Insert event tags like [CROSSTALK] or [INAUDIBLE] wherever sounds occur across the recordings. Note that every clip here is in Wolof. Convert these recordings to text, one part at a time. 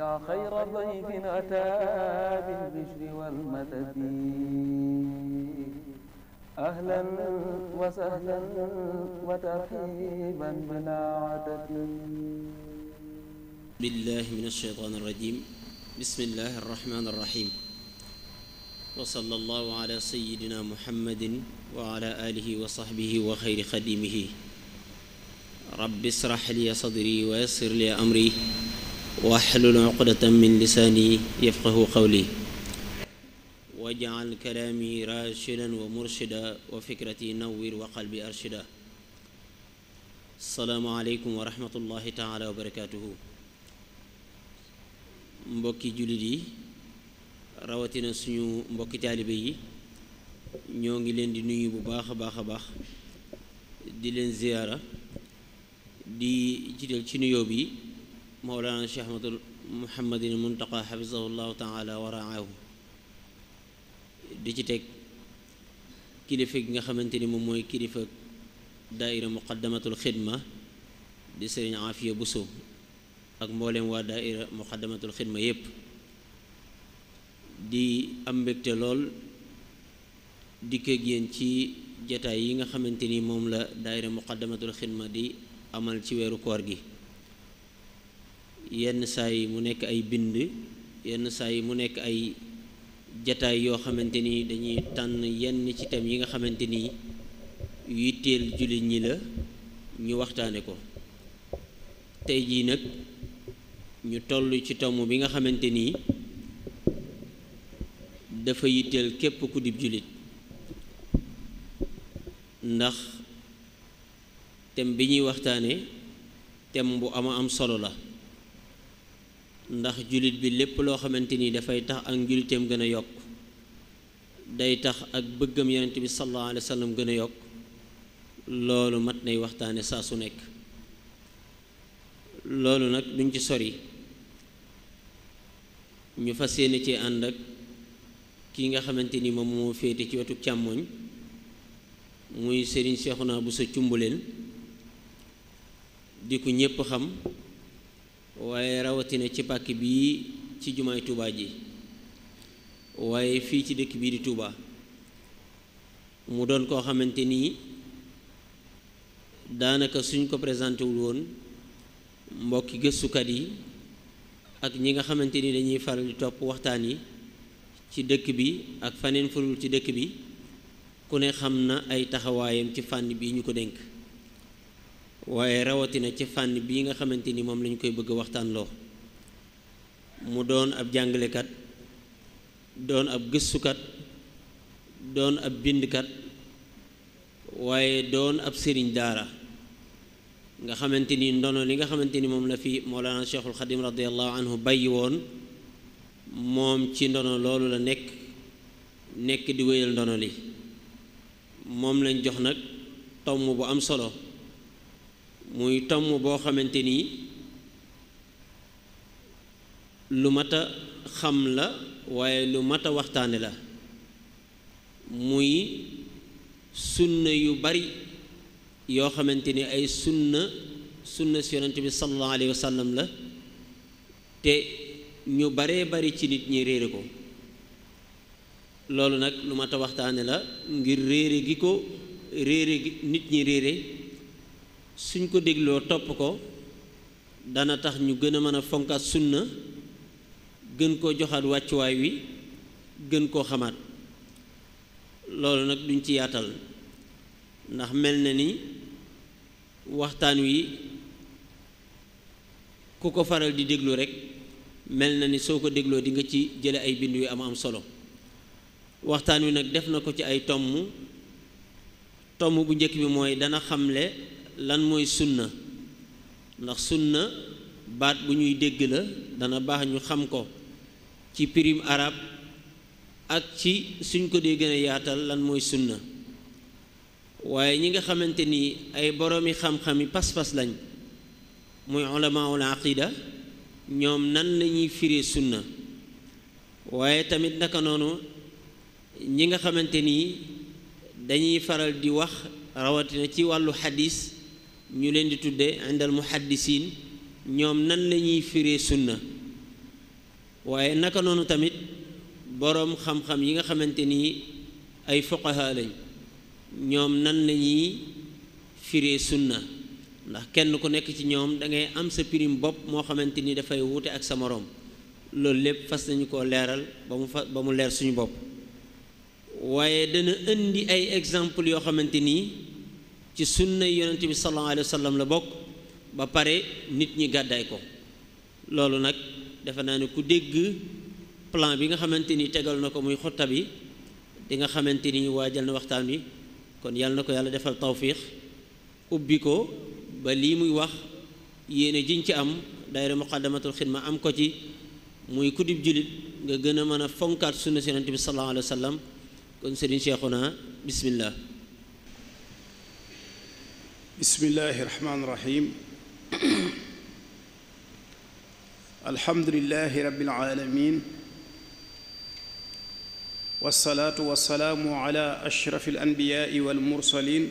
yaa xayra dayfin ataa bil bishri wal madadi ahlan wa sahlan wa tarhiiban bilaa adadi billaahi mina shaytaani rajiim bismillaahi rahmaani rahiim wa sallallaahu alaa sayyidinaa muhammadin wa alaa aalihi wa sahbihi wa xayri xadiimihi rabbi israh li sadri wa yassir li amri واحلل عقدة من لساني يفقه قولي واجعل كلامي راشدا ومرشدا وفكرتي نور وقلبي أرشدا السلام عليكم ورحمة الله تعالى وبركاته mbokki jullit yi rawatina suñu mbokki taalibe yi ñoo ngi leen di nuyu bu baax a baax a baax di leen ziyaara di jiital ci nuyoo bi mawlana cheikh ahmadul muhammadin muntaqa xafizahu llahu taala wa raahu di ci teg kilifa gi nga xamante ni moom mooy kilifa daaira muqaddamatul xidma di sëriñ Afiya Buso ak mbooleem waa daaira muqaddamatul xidma yépp di am mbégte lool dikk ak yéen ci jataay yi nga xamante ni moom la daaira muqaddamatul xidma di amal ci weeru koor gi yenn saa yi mu nekk ay bind yenn saa yi mu nekk ay jataay yoo xamante ni dañuy tànn yenn ci thème yi nga xamante ni teel jullit ñi la ñu waxtaane ko tey jii nag ñu toll ci tom bi nga xamante ni dafa yitteel képp ku dib jullit ndax thème bi ñuy waxtaane thème bu am a am solo la ndax jullit bi lépp loo xamante ni dafay tax ak njuliteem gën a yokk day tax ak bëggam yonent bi sallallahu alayhi wa gën a yokk loolu mat nay waxtaane saa su nekk loolu nag duñ ci sori ñu fas yéene ci ànd ak ki nga xamante ni moom moo féete ci wetu càmmoñ muy sëriñ Serigne Cheikhouna Bousso Cumbuleen di ko ñépp xam waaye rawatina ci pàkk bii ci jumaay Tuubaa ji waaye fii ci dëkk bii di Tuubaa mu doon koo xamante nii daanaka suñ ko présenté wul woon mbokki gëstukat yi ak ñi nga xamante ni dañuy faral di topp waxtaan yi ci dëkk bi ak faneen furul ci dëkk bi ku ne xam na ay taxawaayam ci fànn bii ñu ko dénk waaye rawatina ci fànn bii nga xamante ni moom lañu koy bëgg waxtaanloo mu doon ab jàngalekat doon ab gëstukat doon ab bindkat waaye doon ab sëriñ daara nga xamante ni ndono li nga xamante ni moom la fi Mawlana Cheikhul Xadim radiallahu anhu bàyyi woon moom ci ndono loolu la nekk nekk di wéyal ndono li moom lañ jox nag tomm bu am solo muy tomm boo xamante ni lu mat a xam la waaye lu mat a waxtaane la muy sunna yu bari yoo xamante ni ay sunna sunna si yonent bi sallallahu alayhi la te ñu baree bari ci nit ñi réere ko loolu nag lu mat a waxtaane la ngir réere gi ko réere nit ñi réere suñ ko dégloo topp ko dana tax ñu gën a mën a fonkaat sunna gën koo joxaat wàccuwaay wi gën koo xamaat loolu nag duñ ci yaatal ndax mel na ni waxtaan wi ku ko faral di déglu rekk mel na ni soo ko dégloo di nga ci jële ay bind yu am am solo waxtaan wi nag def na ko ci ay tomm tomm bu njëkk bi mooy dana xamle lan mooy sunna ndax sunna baat bu ñuy dégg la dana baax ñu xam ko ci prime arab ak ci suñ ko dee gën yaatal lan mooy sunna waaye ñi nga xamante ni ay boroomi xam-xami pas-pas lañ muy ulamaul aqida ñoom nan lañuy firee sunna waaye tamit naka noonu ñi nga xamante ni dañuy faral di wax rawatina ci wàllu xadis ñu leen di tuddee indal muhaddisiin ñoom nan la ñuy firee sunna waaye naka noonu tamit boroom xam-xam yi nga xamante ni ay fuqaha ñoom nan la ñuy firee sunna ndax kenn ku nekk ci ñoom da ngay am sa pirim bopp moo xamante ni dafay wuute ak sa moroom loolu lépp fas nañu koo leeral ba mu fa ba mu leer suñu bopp waaye dana indi ay exemple yoo xamante nii ci sunna yonent bi sallallahu alayhi wa sallam la bokk ba pare nit ñi gàddaay ko loolu nag defe naa ne ku dégg plan bi nga xamante ni tegal na ko muy xotta bi di nga xamante ni waajal na waxtaan wi kon yàlla na ko yàlla defal tawfiix ubbi ko ba lii muy wax yéene jiñ ci am daayira muqaddamatul xidma am ko ci muy kudib julit nga gën a mën a fonkaat sunna si yonent bi sallallahu alayhi wa sallam kon sëriñ Seexuna bismillah bismillahi irrahmaani irrahim [CLEARS THROAT] alhamdulilahi rabilaalamin walsalaatu walsalaamu ala ashrafi alanbiyaai walmursalin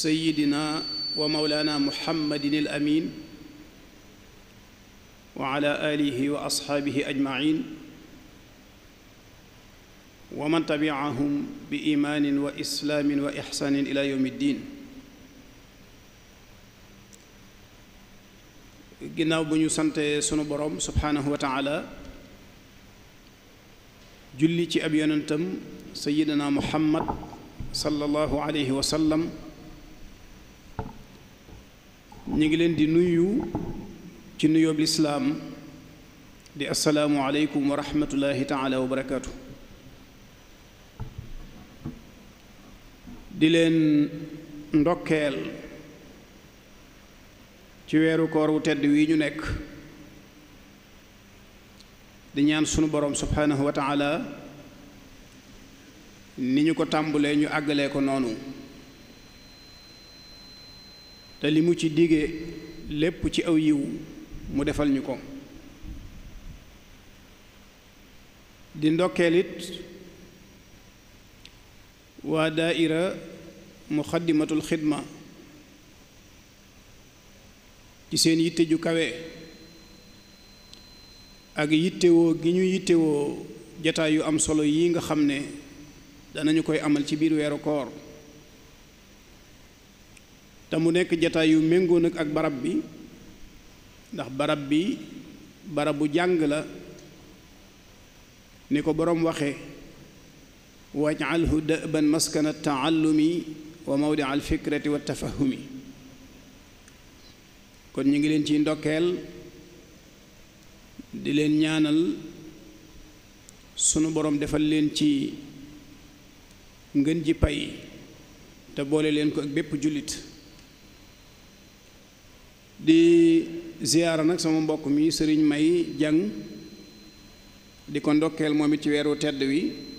sayidina wa maulana muhammadin alamin wa ala alihi wa asxaabihi ajmain wa man tabiahum bi imaanin wa islaamin wa ixsaanin ila yowmi diin ginnaaw bu ñu sante sunu borom subhaanahu wa taala julli ci ab yonentam sayidana muhammad sallallahu alayhi wa sallam ñu ngi leen di nuyu ci nuyoob lislaam di asalaamu aleykum wa rahmatullahi taala wa barakaatu di leen ndokkeel ci weeru koor wu tedd wii ñu nekk di ñaan sunu boroom subhaanahu wa ni ñu ko tàmbalee ñu àggale ko noonu te li mu ci digee lépp ci aw yiw mu defal ñu ko di ndokkeel it waa daaira muxaddimatul xidma ci seen yitte ju kawe ak yittewoo gi ñu yittewoo jataay yu am solo yi nga xam ne danañu koy amal ci biir weeru koor te mu nekk jataay yu méngoo nag ak barab bi ndax barab bi bu jàng la ni ko boroom waxe waj'alhu da'ban maskana taallumi wa mawdi al fikrati wa tafahumi kon ñu ngi leen ciy ndokkeel di leen ñaanal sunu borom defal leen ci ngën ji pay te boole leen ko ak bépp jullit di ziyaara nag sama mbokk mi sëriñ may jang di ko ndokkeel moom it ci weeru tedd wi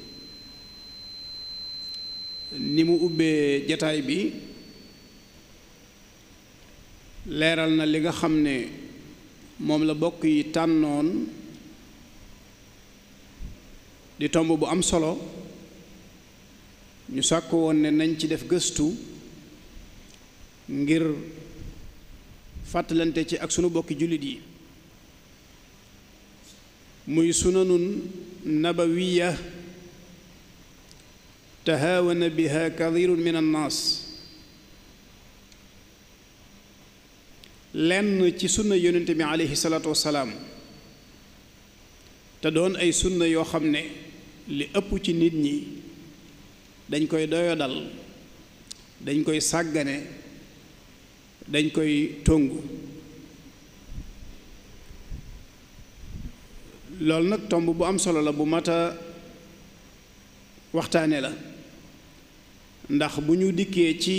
ni mu ubbee jataay bi leeral na li nga xam ne moom la bokk yi tànnoon di tomb bu am solo ñu sàkk woon ne nañ ci def gëstu ngir fàttalante ci ak sunu bokki jullit yi muy sunanun nabawiya تهاون بها كثير من الناس lenn ci sunna yonent bi aleyhi salaatu wasalaam te doon ay sunna yoo xam ne li ëpp ci nit ñi dañ koy doyadal dañ koy sàggane dañ koy tongu loolu nag tomb bu am solo la bu mat a waxtaane la ndax bu ñu dikkee ci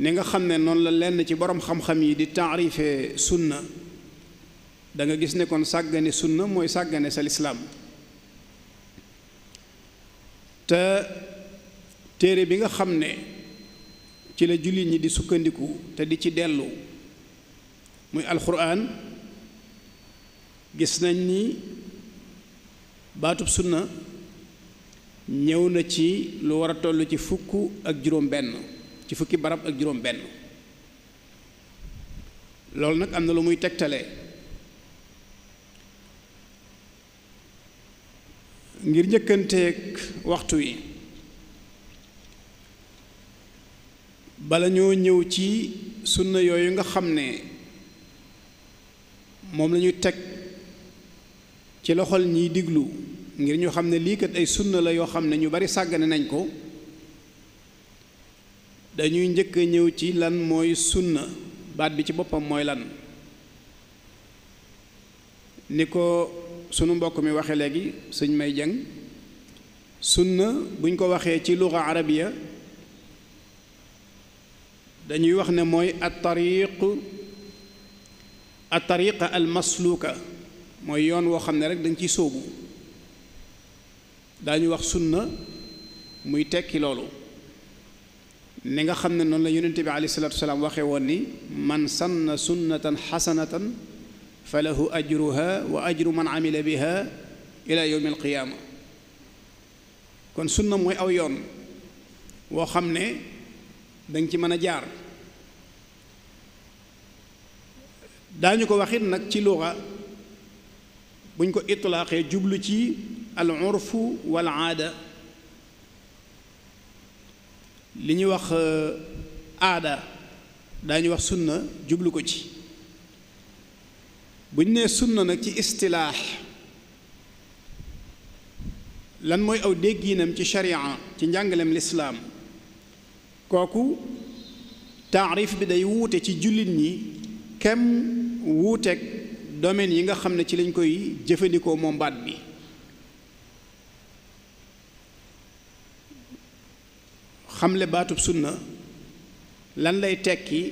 ni nga xam ne noonu la lenn ci boroom xam-xam yi di taarife sunna da nga gis ne kon sàggane sunna mooy sàggane sa lislaam te téere bi nga xam ne ci la jullit ñi di sukkandiku te di ci dellu muy alxuraan gis nañ ni baatub sunna ñëw na ci lu war a toll ci fukk ak juróom-benn ci fukki barab ak juróom loolu nag am na lu muy tegtale ngir njëkkanteeg waxtu wi bala ñoo ñëw ci sunna yooyu nga xam ne moom la teg ci loxol ñiy diglu. ngir ñu xam ne lii kat ay sunna la yoo xam ne ñu bari sàggane nañ ko dañuy njëkk a ñëw ci lan mooy sunna baat bi ci boppam mooy lan ni ko sunu mbokk mi waxee léegi sëñ may jang sunna buñ ko waxee ci luga arabiya dañuy wax ne mooy at tariq at tariqa mooy yoon woo xam ne rek dañ ciy sóobu daañu wax sunna muy tekki loolu ni nga xam ne noonu la yonente bi alayhi salatu wasalaam waxee woon ni man sanna sunnatan xasanatan fa lahu ajruha wa ajru man amila biha ila yowmi alqiyaama kon sunna mooy aw yoon woo xam ne danga ci mën a jaar daañu ko waxit nag ci luxa buñ ko itlaaqee jublu ci al urfu wal aada li ñuy wax euh, aada daañu wax sunna jublu ko ci bu ñu nee sunna nag ci istilaax lan mooy aw déggiinam ci sharia ci njàngaleem lislaam kooku taarif bi day wuute ci jullit ñi kem wuuteeg domaine yi nga xam ne ci lañ koy jëfandikoo moom baat bi xamle baatub sunna lan lay tekki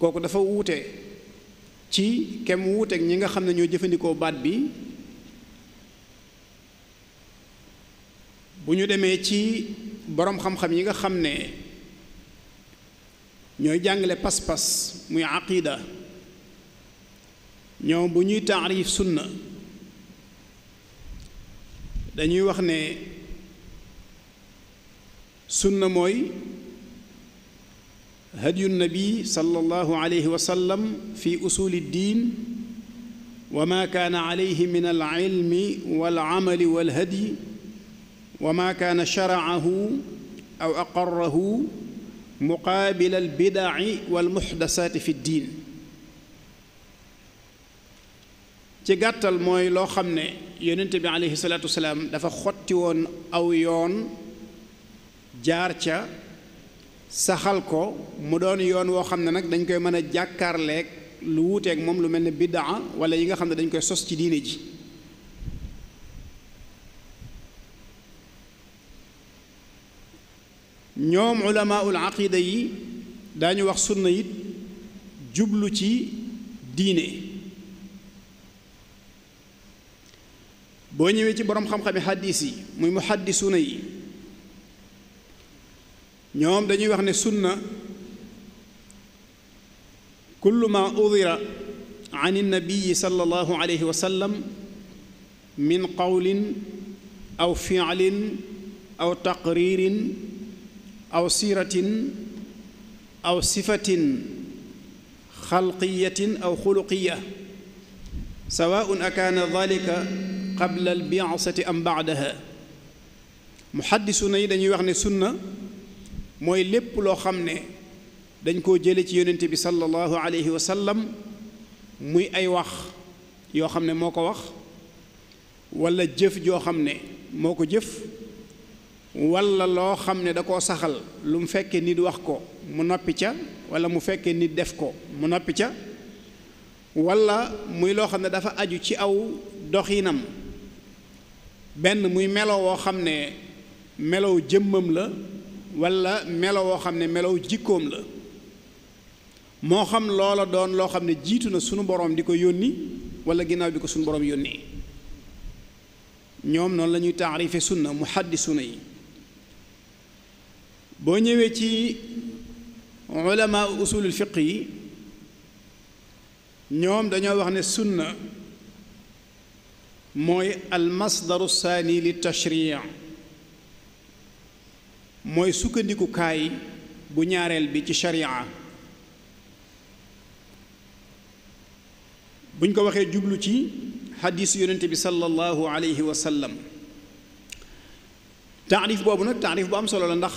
kooku dafa wuute ci kem wuuteek ñi nga xam ne ñoo jëfandikoo baat bi bu ñu demee ci boroom xam-xam yi nga xam ne ñooy jàngale pas-pas muy aqida ñoom bu ñuy taarif sunna dañuy wax ne sunna mooy hadyu nabi sallallahu alayhi wa sallam fi usuli diin wa ma kaana alayhi min al ilmi wal amali wal hadyi wa ma kaana sharaahu aw aqarrahu muqaabil al bidaci wal muxdasaati fi diin ci gàttal mooy loo xam ne yonent bi alayhi salaatu wasalaam dafa xotti woon aw yoon jaar ca saxal ko mu doon yoon woo xam ne nag dañ koy mën a jàkkaarleeg lu wuuteeg moom lu mel ne biddaa wala yi nga xam ne dañ koy sos ci diine ji ñoom ulamaul aqida yi daañu wax sunna it jublu ci diine boo ñëwee ci boroom xam-xami xaddis yi muy muhaddisuna yi ñoom dañuy wax ne sunna kullu ma udira an nabiyi sallallahu alayhi wa sallam min qawlin aw fi'lin aw taqririn aw siratin aw sifatin xalqiyatin aw xuluqiya sawaun akaana dalika qabla albiasati am baadaha muxaddisuna yi dañuy wax ne sunna mooy lépp loo xam ne dañ koo jële ci yonent bi sallallahu alayhi sallam muy ay wax yoo xam ne moo ko wax walla jëf joo xam ne moo ko jëf walla loo xam ne da koo saxal lu mu fekkee nit wax ko mu noppi ca wala mu fekkee nit def ko mu noppi ca walla muy loo xam ne dafa aju ci aw doxinam benn muy melo woo xam ne melow jëmmam la walla melo woo xam ne melow jikkoom la moo xam loola doon loo xam ne jiitu na sunu boroom di ko yónni walla ginnaaw bi ko sunu boroom yónnee ñoom noonu lañuy ñuy taarife sunna muhaddisuna yi boo ñëwee ci ulama usulul fiq yi ñoom dañoo wax ne sunna mooy almasdaru saani li tashriic mooy sukkandikukaay bu ñaareel bi ci sharia buñ ko waxee jublu ci xadiis yonente bi sallallahu alayhi wa sallam taarif boobu nag taarif bu am solo la ndax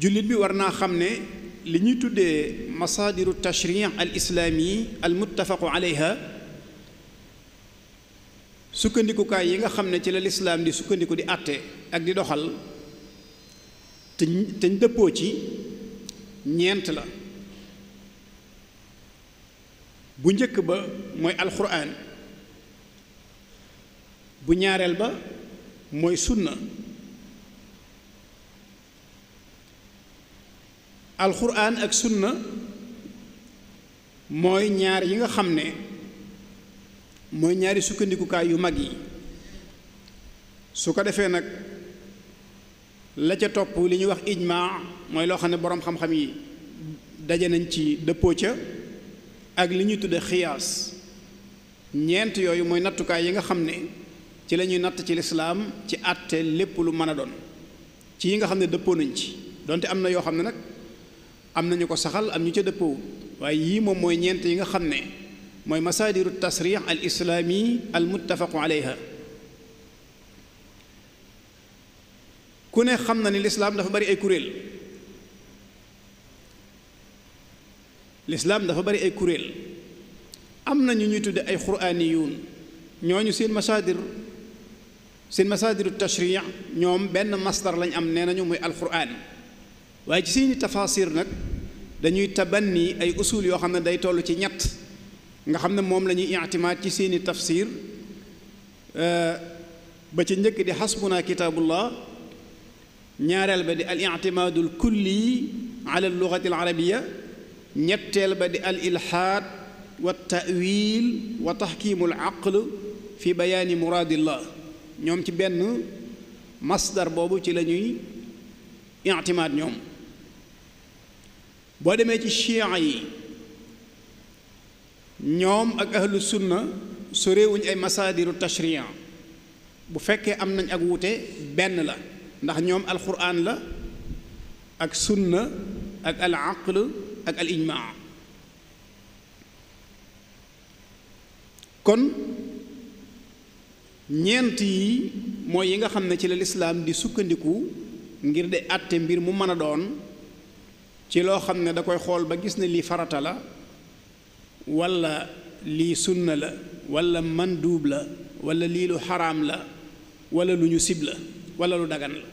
jullit bi war naa xam ne li ñuy tuddee masaadiru tashri al islaami al muttafaqu aleyha sukkandikukaay yi nga xam ne ci la lislaam di sukkandiku di àtte ak di doxal te te dëppoo ci ñeent la bu jëkk ba mooy alxuraan bu ñaareel ba mooy sunna alxuraan ak sunna mooy ñaar yi nga xam ne mooy ñaari sukkandikukaay yu mag yi su ko defee nag la ca topp li ñuy wax ijma mooy loo xam ne boroom xam-xam yi daje nañ ci dëppoo ca ak li ñuy tudde xiyaas ñeent yooyu mooy nattukaay yi nga xam ne ci lañuy natt ci lislaam ci àtte lépp lu mën a doon ci yi nga xam ne dëppoo nañ ci donte am na yoo xam ne nag am na ñu ko saxal am ñu ca dëppoo waaye yii moom mooy ñeent yi nga xam ne mooy masaadiru tasrix al islaami al muttafaqu aleyha ku ne xam na ni lislaam dafa bari ay kuréel lislaam dafa bari ay kuréel am na ñu ñuy tudde ay ñoo ñu seen masaadir seen masaadiru tashriix ñoom benn masdar lañ am nee nañu muy alquraan waaye ci seeni tafaasir nag dañuy tabanni ay usul yoo xam ne day toll ci ñett nga xam ne moom la ñuy ictimaad ci seeni tafsir euh, ba ci njëkk di xasbuna kitaabullah ñaareel ba di al ictimaadu l kulli ala lugati al arabiya ñetteel ba di al ilxaad wa taawil wa taxkiimu al aql fi bayaani muraadillah ñoom ci benn masdar boobu ci la ñuy ictimaad ñoom boo demee ci chia yi ñoom ak ahlu sunna soréewuñ ay masaadiru tashrian bu fekkee am nañ ak wuute benn la ndax ñoom alquran la ak sunna ak al aql ak al ijmaa kon ñeent yi mooy yi nga xam ne ci la lislaam di sukkandiku ngir de àtte mbir mu mën a doon ci loo xam ne da koy xool ba gis ne lii farata la walla lii sunna la wala manduub la walla lii lu xaraam la walla lu ñu sib la wala lu dagan la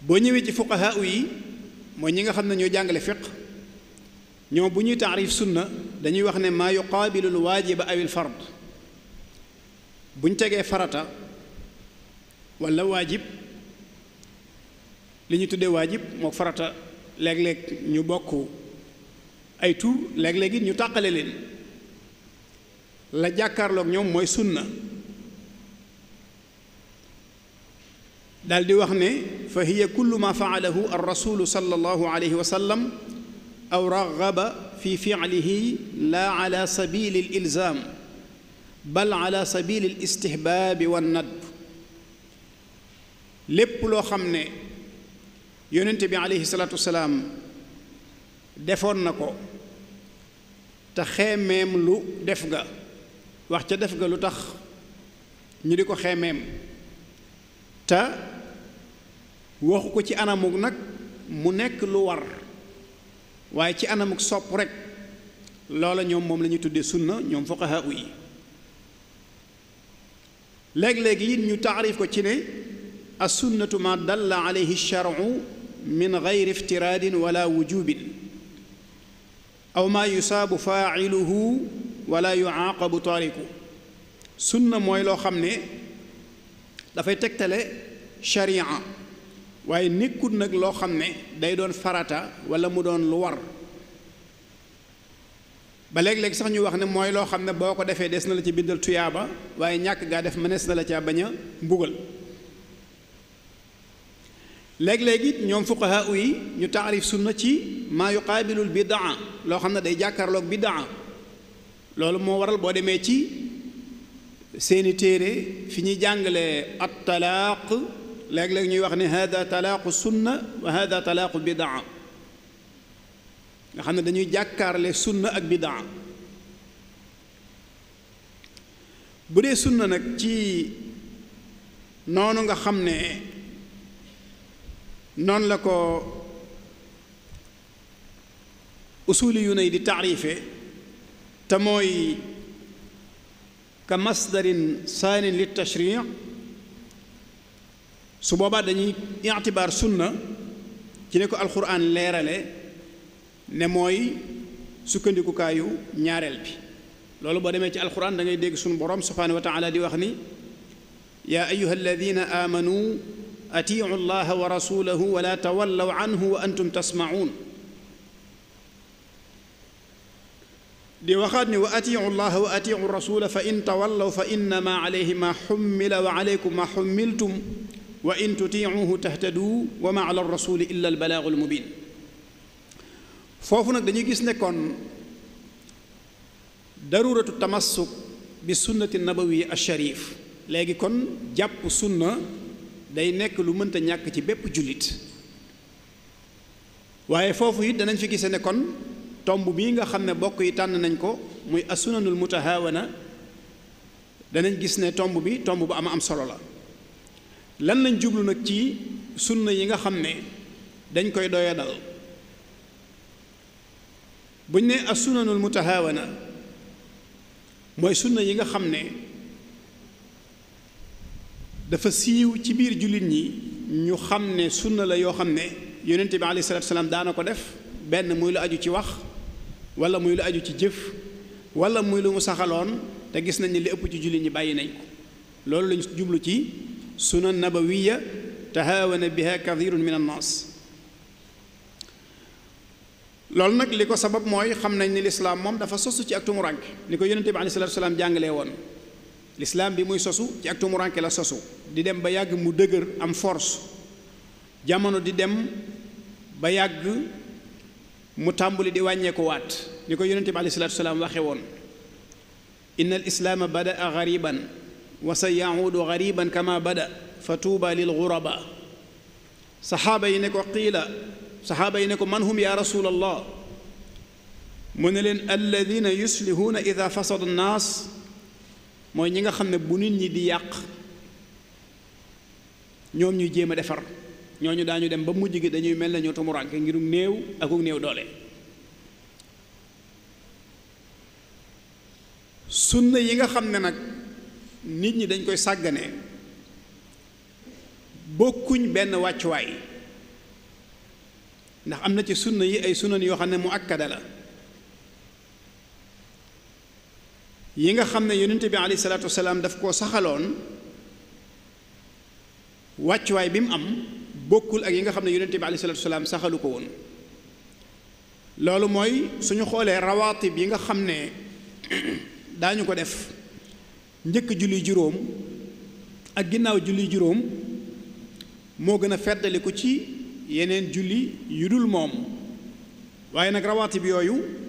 boo ñëwee ci fuqahaa yi mooy ñi nga xam ne ñoo jàngale fiq ñoom bu ñuy taarif sunna dañuy wax ne maa yuqaabilu l waajiba aw il fard bu ñu tegee farata wala waajib li ñu tuddee waajib mook farata léeg-léeg ñu bokk ay tur léeg-léeg ñu tàqale leen la jàkkaarloog ñoom mooy sunna daldi wax ne fa hiya kullu ma faalahu ar rasulu sallallahu alayhi wa sallam fi fi'lihi la ala sabili al ilzam bal ala sabili al istihbaabi wan lépp loo xam ne yónnente bi aleyhi salaatu salaam defoon na ko te xeemeem lu def nga wax ca def ga lu tax ñu di ko xeemeem te waxu ko ci anamuk nag mu nekk lu war waaye ci anamuk sopp rek loola ñoom moom la ñuy tuddee sunna ñoom fuqahaa yi léeg-léegi it ñu taarif ko ci ne as sunnatu ma dalla alayhi charu min geyri iftiraadin wala wujubin aw maa yusaabu faaciluhu wala yucaaqabu taariku sunna mooy loo xam ne dafay tegtale sharia waaye nekkut nag loo xam ne day doon farata wala mu doon lu war ba léeg-léeg sax ñu wax ne mooy loo xam ne boo ko defee des na la ci bindal tuyaaba waaye ñàkk gaa def mënees na la caa bañ a mbugal léeg-léeg it ñoom fuqaha yi ñu taarif sunna ci maa yuqaabilul bidaa loo xam ne day jàkkaarloog bidaa loolu moo waral boo demee ci seeni téere fi ñuy jàngale at talaaq léeg-léeg ñuy wax ne hada talaaqu sunna wa hada talaaqu bidaa nga xam ne dañuy jàkkaarle sunna ak bidaa bu dee sunna nag ci noonu nga xam ne noonu la ko usuli yu nay di taarife te mooy ka masdarin saanin li su boobaa dañuy itibaar sunna ci ne ko alquran leerale ne mooy sukkandikukaayu ñaareel bi loolu boo demee ci alquran da dégg suñu borom subhaanahu wa di wax ni yaa ayuha alladina amanu atiicu allaha wa rasulahu wala tawallaw anhu wa antum tasmacuun di waxaat ne wa atiicu llaha wa atiicu rasula fa in tawallaw fa innama alayhi ma xummila wa alaykum ma xummiltum wa in tutiicuhu tahtaduu wa ma ala rasuli illa albalaagu almubin foofu nag dañuy gis ne kon daruratu tamassuk bi sunnati nabawi alsharif léegi kon jàpp sunna day nekk lu mënta ñàkk ci bépp jullit waaye foofu it danañ fi gise ne kon tomb bii nga xam ne bokk yi tànn nañ ko muy mu asunanul na danañ gis ne tomb bi tomb bu am am solo la lan jublu nag ci sunna yi nga xam ne dañ koy doya dal buñ ne mu asunanul na mooy sunna yi nga xam ne dafa siiw ci biir jullit ñi ñu xam ne sunna la yoo xam ne yonent bi alayhi salaatu salaam daana ko def benn muy lu aju ci wax wala muy lu aju ci jëf wala muy lu mu saxaloon te gis nañ ne li ëpp ci jullit ñi bàyyi nañ ko loolu lañ jublu ci sunan nabawiya tahaawana biha kathirun min annaas loolu nag li ko sabab mooy xam nañ ni lislaam moom dafa sosu ci ak tumuraanke li ko yonent bi alayhi salaatu salaam jàngalee woon lislaam bi muy sosu ci ak tumuranke la sosu di dem ba yàgg mu dëgër am force jamono di dem ba yàgg mu tàmbuli di wàññeekuwaat waat ni ko yonente bi alei salatu salaam waxe woon inna al islaama badaa gariban wa sa yahuudu gariban kama bada fa tuuba lil guraba saxaaba yi ne ko qiila saxaaba yi ne ko man hum ya rasul allah mu ne leen alladina yuslihuuna ida fasada naas mooy ñi nga xam ne bu nit ñi di yàq ñoom ñuy jéem a defar ñu daañu dem ba mujj gi dañuy mel ne ñoo tumuraanke ngirum néew ak néew doole sunna yi nga xam ne nag nit ñi dañ koy sàggane bokkuñ benn wàccuwaay ndax am na ci sunna yi ay sunan yoo xam ne mu akkada la yi nga xam ne yonent bi alayhi salaatu wasalaam daf koo saxaloon wàccuwaay bi mu am bokkul ak yi nga xam ne yonent bi alayhi salaatu wasalaam saxalu ko woon loolu mooy suñu xoolee rawaatib yi nga xam ne [COUGHS] daañu ko def njëkk julli juróom ak ginnaaw julli juróom moo gën a feddaliku ci yeneen julli yu dul moom waaye nag rawaatib yooyu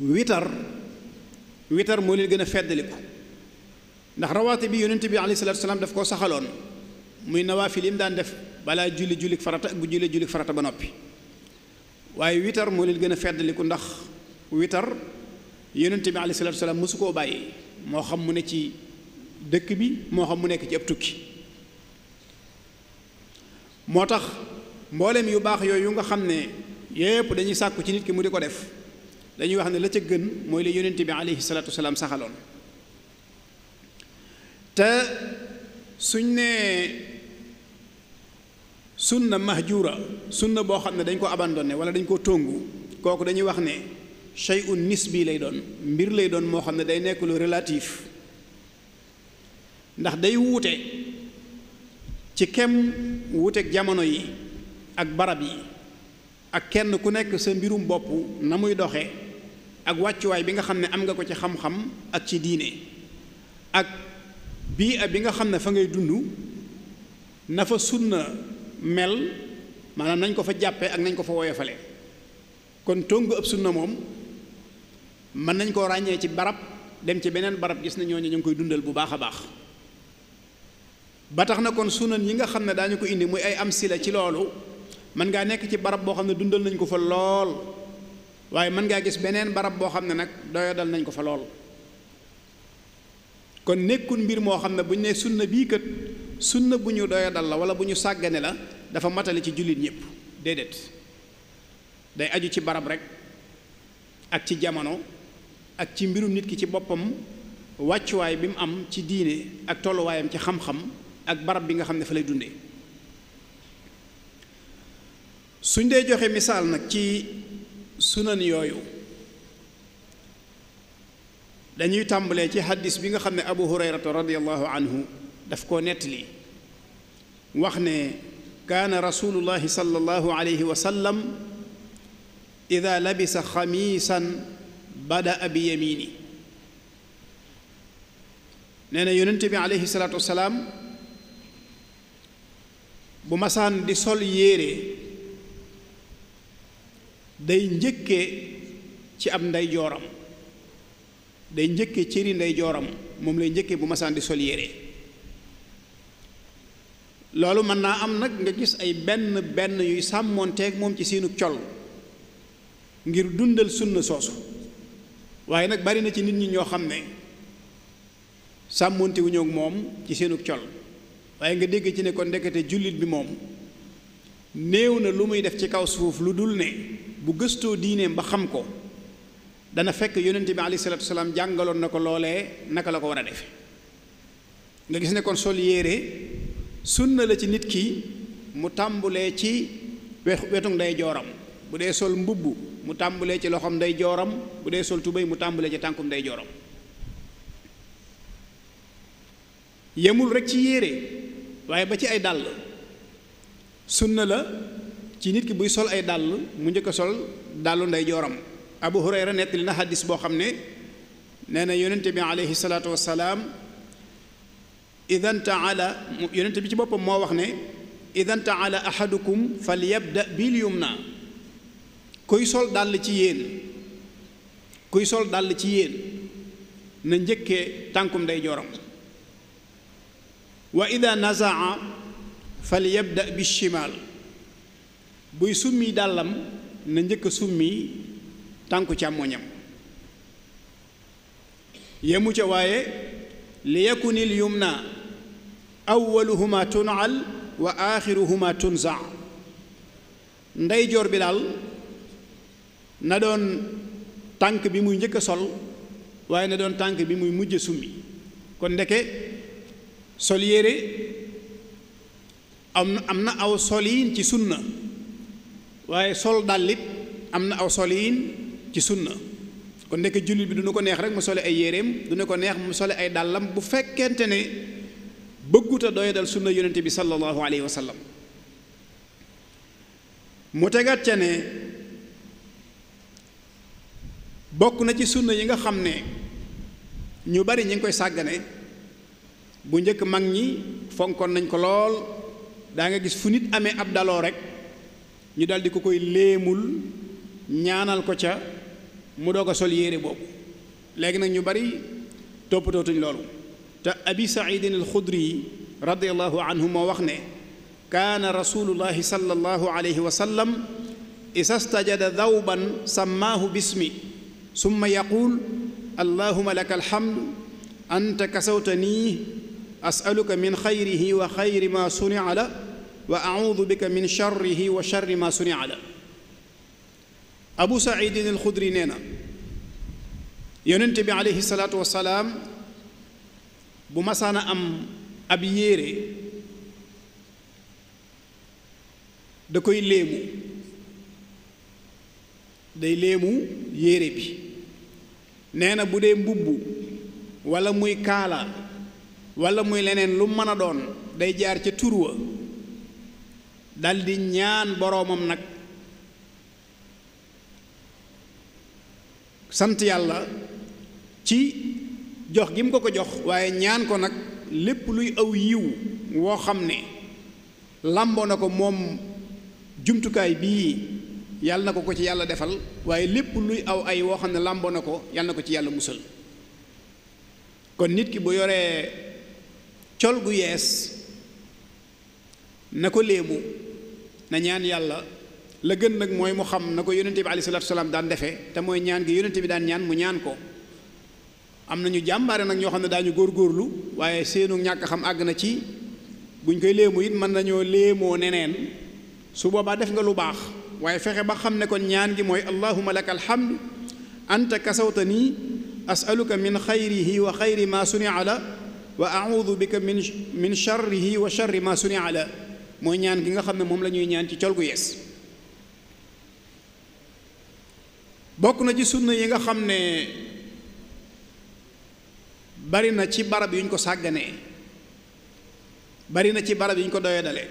witar witar moo la gën a feddaliku ndax rawaate bi yonent bi alayhi salaatu salaam daf koo saxaloon muy nawaa yi mu daan def balaa julli jullik farata bu julli jullik farata ba noppi waaye witar moo leen gën a feddaliku ndax witar yonent bi alayhi salaatu salaam mosu koo bàyyi moo xam mu ne ci dëkk bi moo xam mu nekk ci ab tukki moo tax mboolem yu baax yooyu nga xam ne yépp dañuy sàkku ci nit ki mu di ko def dañuy wax ne la ca gën mooy la yonent bi aleyhi salaatu wasalaam saxaloon te suñ nee sunna mahjura sunna boo xam ne dañ ko abandoon wala dañ ko tongu kooku dañuy wax ne shay'un bii lay doon mbir lay doon moo xam ne day nekk lu relatif ndax day wuute ci kem wuuteeg jamono yi ak barab yi ak kenn ku nekk sa mbirum bopp na muy doxe ak wàccuwaay bi nga xam ne am nga ko ci xam-xam ak ci diine ak bii bi nga xam ne fa ngay dund na fa na mel maanaam nañ ko fa jàppee ak nañ ko fa woyofale kon tongu ëpp na moom mën nañ koo ràññee ci barab dem ci beneen barab gis nañoo ñooñu ñu ngi koy dundal bu baax a baax ba tax na kon sunan yi nga xam ne daañu ko indi muy ay am sila ci loolu mën ngaa nekk ci barab boo xam ne dundal nañ ko fa lool waaye mën ngaa gis beneen barab boo xam ne nag doyadal nañ ko fa lool kon nekkul mbir moo xam ne bu ñu nee sunna bii kat sunna bu ñu doyadal la wala bu ñu sàggane la dafa matale ci jullit ñépp déedéet day aju ci barab rek ak ci jamono ak ci mbirum nit ki ci boppam wàccuwaay bi mu am ci diine ak tolluwaayam ci xam-xam ak barab bi nga xam ne fa lay dundee suñ dee joxe misaal nag ci sunan yooyu dañuy tàmbalee ci hadis bi nga xam ne abu hurayrata radiallahu anhu daf koo nettali wax ne kaana rasulullahi sallallahu alayhi wa sallam ida labisa xamiisan badaa bi yamini nee na yonent bi aleyhi salaatu wasalaam bu masaan di sol yére day njëkke ci ab ndeyjooram day njëkke cëri ndeyjooram moom lay njëkkee bu masaan di sol yére loolu mën naa am nag nga gis ay benn benn yuy sàmmoonteeg moom ci seenug col ngir dundal sunna soosu waaye nag bari na ci nit ñi ñoo xam ne sàmmoonte wuñu ak moom ci seenu col waaye nga dégg ci ne kon ndekete jullit bi moom néew na lu muy def ci kaw suuf lu dul ne bu gëstoo diineem ba xam ko dana fekk yonente bi alayhi salaatu jàngaloon na ko loolee naka la ko war a defe nga gis ne kon sol yére sunna la ci nit ki mu tàmbulee ci wetu nday jooram bu dee sol mbubb mu tàmbulee ci loxoom nday jooram bu dee sol tubéy mu tàmbulee ci tànkum nday jooram yemul rek ci yére waaye ba ci ay dàll sunna la ci nit ki buy sol ay dàll mu njëkk a sol dàllu ndey jooram abu hurayra nettali na xadis boo xam ne nee na yonente bi aleyhi salaatu wassalaam idan bi ci boppam moo wax ne idan taala ahadukum fal yabda bil yumna kuy sol dàll ci yéen kuy sol dàll ci yéen na njëkkee tànkum ndey jooram wa ida nazaa fal yabda bi shimaal buy summi dàllam na njëkk a summi tànku càmmoñam yemu ca waaye li yakunil yumna awwaluhuma tunal wa aaxiruhuma tunza ndeyjoor bi daal na doon tànk bi muy njëkk a sol waaye na doon tànk bi muy mujj summi kon ndeke sol yére am am na aw soliin ci sunna waaye sol dàll it am na aw soliin ci sunna kon nekk jullit bi du nu ko neex rek mu sole ay yéreem du nu ko neex mu sole ay dàllam bu fekkente ne bëgguta doy dal sunna yonente bi sallallahu alayhi wa sallam mu tegaat ca ne bokk na ci sunna yi nga xam ne ñu bari ñi ngi koy sàggane bu njëkk mag ñi fonkoon nañ ko lool daa nga gis fu nit amee ab daloo rek ñu daldi ko koy léemul ñaanal ko ca mu doog a sol yére boobu léegi nag ñu bari toppatootuñ loolu te abi saidin alxudri radiallahu anhu moo wax ne kaana rasulullahi sallallahu alayhi wa sallam isa stajada dawban sammaahu bismi summa yaquul allahuma laka alhamdu anta kasawtanii asaluka min xayrihi wa xayri ma sunia la wa audu bika min charrihi wa sar ma sunia la abu saidin alxudri nee na yonent bi aleyhi salaatu wasalaam bu masaana am ab yéere da koy léemu day léemu yéere bi nee na bu dee mbubb wala muy kaala wala muy leneen lu mën a doon day jaar ca turwa daldi ñaan boroomam nag sant yàlla ci jox gi mu ko ko jox waaye ñaan ko nag lépp luy aw yiw woo xam ne làmboo na ko moom jumtukaay bii yàlla na ko ko ci yàlla defal waaye lépp luy aw ay woo xam ne làmboo na ko yàlla ko ci yàlla musal kon nit ki bu yoree col gu yees na ko léemu na ñaan yàlla la gën nag mooy mu xam na ko yonente bi alayhi salaatu salaam daan defee te mooy ñaan gi yonente bi daan ñaan mu ñaan ko am na ñu jàmbaare nag ñoo xam ne góor góorlu waaye seenu ñàkk xam àgg na ci buñ koy léemu it mën nañoo léemoo neneen su boobaa def nga lu baax waaye fexe ba xam ne kon ñaan gi mooy allahuma laka alhamd anta kasawta nii asaluka min xayrihi wa xayri ma suni ala wa audu bika min min charrihi wa charri ma suni ala mooy ñaan gi nga xam ne moom la ñuy ñaan ci col gu yees bokk na ci sunna yi nga xam ne bari na ci barab yu ñu ko sàgganee bari na ci barab yu ñu ko doyadale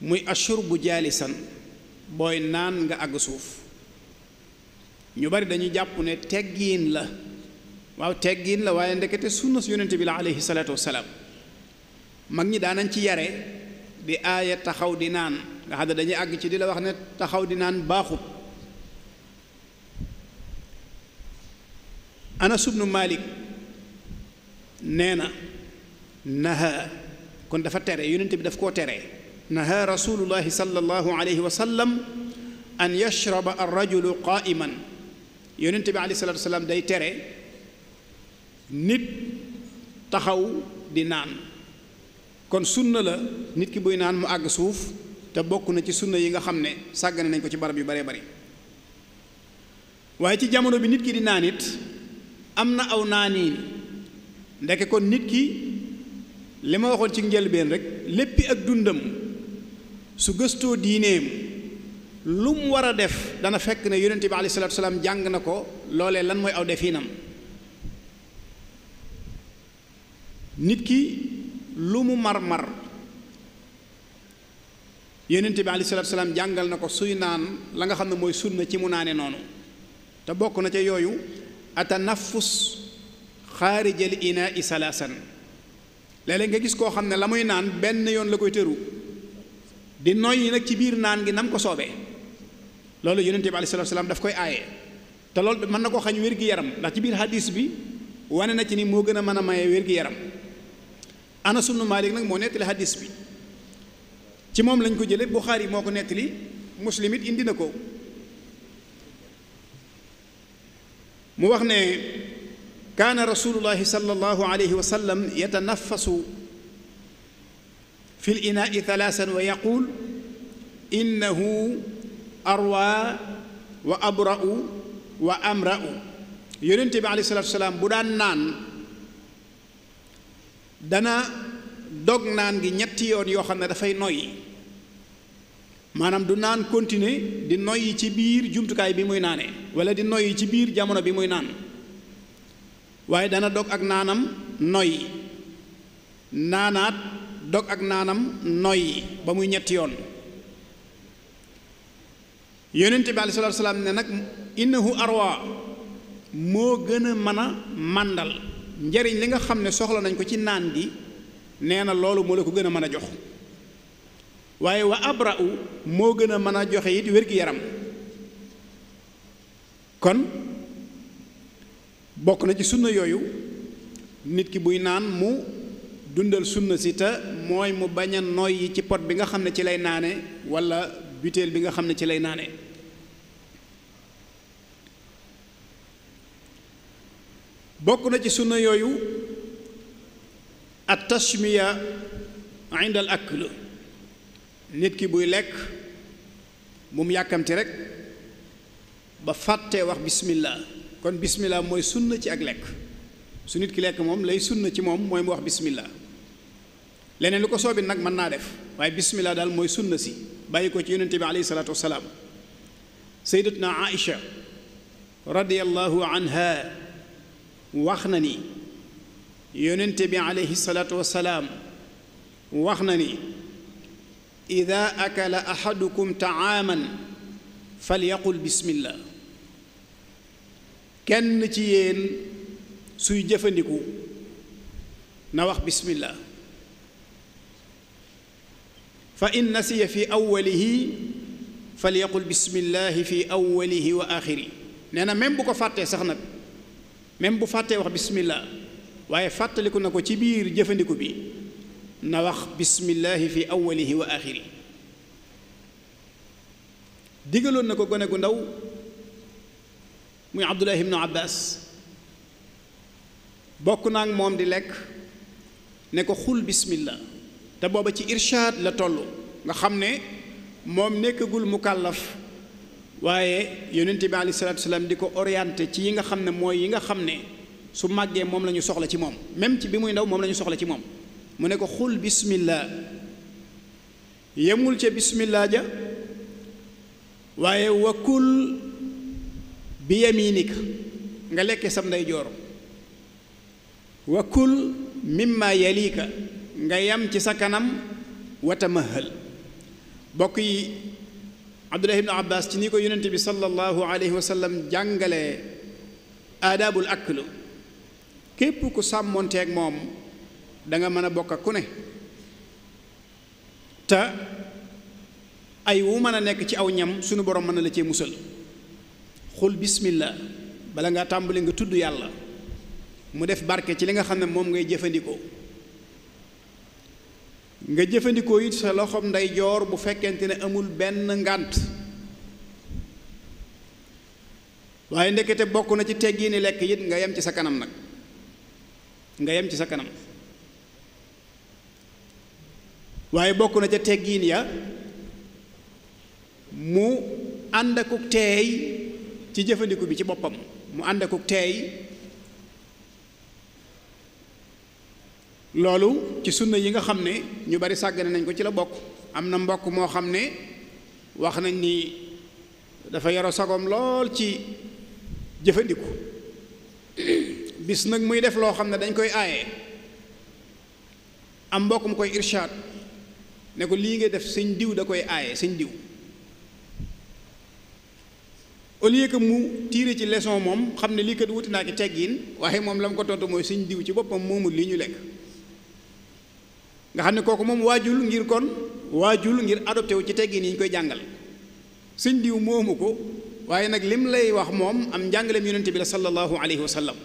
muy ashur bu jaalisan booy naan nga àgg suuf ñu bari dañuy jàpp ne teggiin la waaw teggiin la waaye ndekete sunna su yonente bi la aleyhi salaatu wassalaam mag ñi daanañ ci yare di aaya taxaw di naan nga xam ne àgg ci di la wax ne taxaw di naan baaxut Anas ibnu Malik nee na naha kon dafa tere yonent bi daf koo tere naha rasulullahi sallallahu alayhi wa sallam an yashraba arrajulu qaa'iman yonent bi alayhi salaatu wa day tere nit taxaw di naan kon sunna la nit ki buy naan mu àgg suuf te bokk na ci sunna yi nga xam ne sàggane nañ ko ci barab yu baree bari waaye ci jamono bi nit ki di naan it am na aw naaniin ndeke kon nit ki li ma waxoon ci njëlbeen rek léppi ak dundam su gëstoo diineem lu mu war a def dana fekk ne yonente bi alayhi salaatu salaam jàng na ko loolee lan mooy aw defiinam nit ki lu mu mar-mar yonent bi aleyhi salaam jàngal na ko suy naan la nga xam ne mooy sunna ci mu naane noonu te bokk na ca yooyu atanafus xaarijal inaa'i salaasan léeg-léeg nga gis koo xam ne la muy naan benn yoon la koy tëru di noyyi nag ci biir naan gi nam ko soobee loolu yonent bi aleyhi salaatu salaam daf koy aaye te loolu mën na ko xañ wér-gi-yaram ndax ci biir hadis bi wane na ci ni moo gën a mën a maye wér-gi-yaram Anas ibnu Maalik nag moo nettali hadis bi ci moom lañ ko jële Buxaari moo ko nettali Muslim indi na ko mu wax ne kaana rasulullahi sallallahu alayhi wa sallam yatanafasu fi l inaai wa yaquul innahu arwa wa abra'u wa amra'u yonente bi salaatu salaam bu daan naan dana dog naan gi ñetti yoon yoo xam ne dafay noyyi maanaam du naan continuer di noyyi ci biir jumtukaay bi muy naanee wala di noyyi ci biir jamono bi muy naan waaye dana dog ak naanam noyyi naanaat dog ak naanam noyyi ba muy ñetti yoon yonent bi aleyhi salaam ne nag innahu arwa moo gën a mën a màndal njariñ li nga xam ne soxla nañ ko ci naan gi nee na loolu moo la ko gën a mën a jox waaye wa abra'u moo gën a mën a joxe it wér-gi-yaram kon bokk na ci sunna yooyu nit ki buy naan mu dundal sunna si te mooy mu bañ a noyyi ci pot bi nga xam ne ci lay naane walla butéel bi nga xam ne ci lay naane bokk na ci sunna yooyu at tashmiya inda al akl nit ki buy lekk mu yàkkamti rek ba fàttee wax bismillah kon bismillah mooy sunna ci ak lekk su nit ki lekk moom lay sunna ci moom mooy mu wax bismillah leneen lu ko soobee nag mën naa def waaye bismillah daal mooy sunna si bàyyi ko ci yonente bi alayhi salaatu wasalaam sayyidatuna aïcha radiallahu anha wax na ni yonente bi aleyhi salaatu wassalaam wax na ni ida akala ahadukum taaman falyaqul bismillah kenn ci yéen suy jëfandiku na wax bismillah fa in nasiya fi awwalihi falyaqul bismillahi fi awwalihi wa axiri nee na même bu ko fàttee sax nag même bu fàttee wax bismillah waaye fàttaliku na ko ci biir jëfandiku bi na wax bismillahi fi awwalihi wa axiri digaloon na ko gone gu ndaw muy abdullahi ibnu abbas bokk naa ak moom di lekk ne ko xul bismillah te booba ci irshaad la toll nga xam ne moom nekkagul mukallaf waaye yonente bi alei salatu salaam di ko orienté ci yi nga xam ne mooy yi nga xam ne su màggee moom la ñu soxla ci moom même ci bi muy ndaw moom la ñu soxla ci moom mu ne ko xul bismillah yemul ci bismillah ja waaye wakul bi yaminika nga lekke sam nday joor wakul mimma yalika nga yam ci sa kanam watamahal bokk yi abdullah ibnu abbas ci ni ko yonente bi sallallahu alayhi wa sallam jàngalee aadaabul aklu képp ku sàmmonteeg moom da nga mën a bokk ak ku ne te ay wu mën a nekk ci aw ñam sunu borom mën na la cee musal xul bismillah bala nga tàmbali nga tudd yàlla mu def barke ci li nga xam ne moom ngay jëfandikoo nga jëfandikoo it sa loxoom ndeyjoor bu fekkente ne amul benn ngànt waaye ndekete bokk na ci teggiini lekk yit nga yem ci sa kanam nag nga yem ci sa kanam waaye bokk na ca teggiin ya mu ànd akuk teey ci jëfandiku bi ci boppam mu ànd akuk teey loolu ci sunna yi nga xam ne ñu bari sàggane nañ ko ci la bokk am na mbokk moo xam ne wax nañ ni dafa yaro sagoom lool ci jëfandiku bis nag muy def loo xam ne dañ koy aaye am mbokk mu koy irshaad ne ko lii nga def sëñ diw da koy aaye sëñ diw au que mu tiire ci leson moom xam ne lii kat wuti naa ki teggin waaye moom la mu ko tontu mooy sëñ diw ci boppam moomul lii ñu lekk nga xam ne kooku moom waajul ngir kon waajul ngir adopté wu ci teggin yi ñu koy jàngale sëñ diw moomu ko waaye nag lim lay wax moom am njàngaleem yonent bi la sallallahu alayhi wa sallam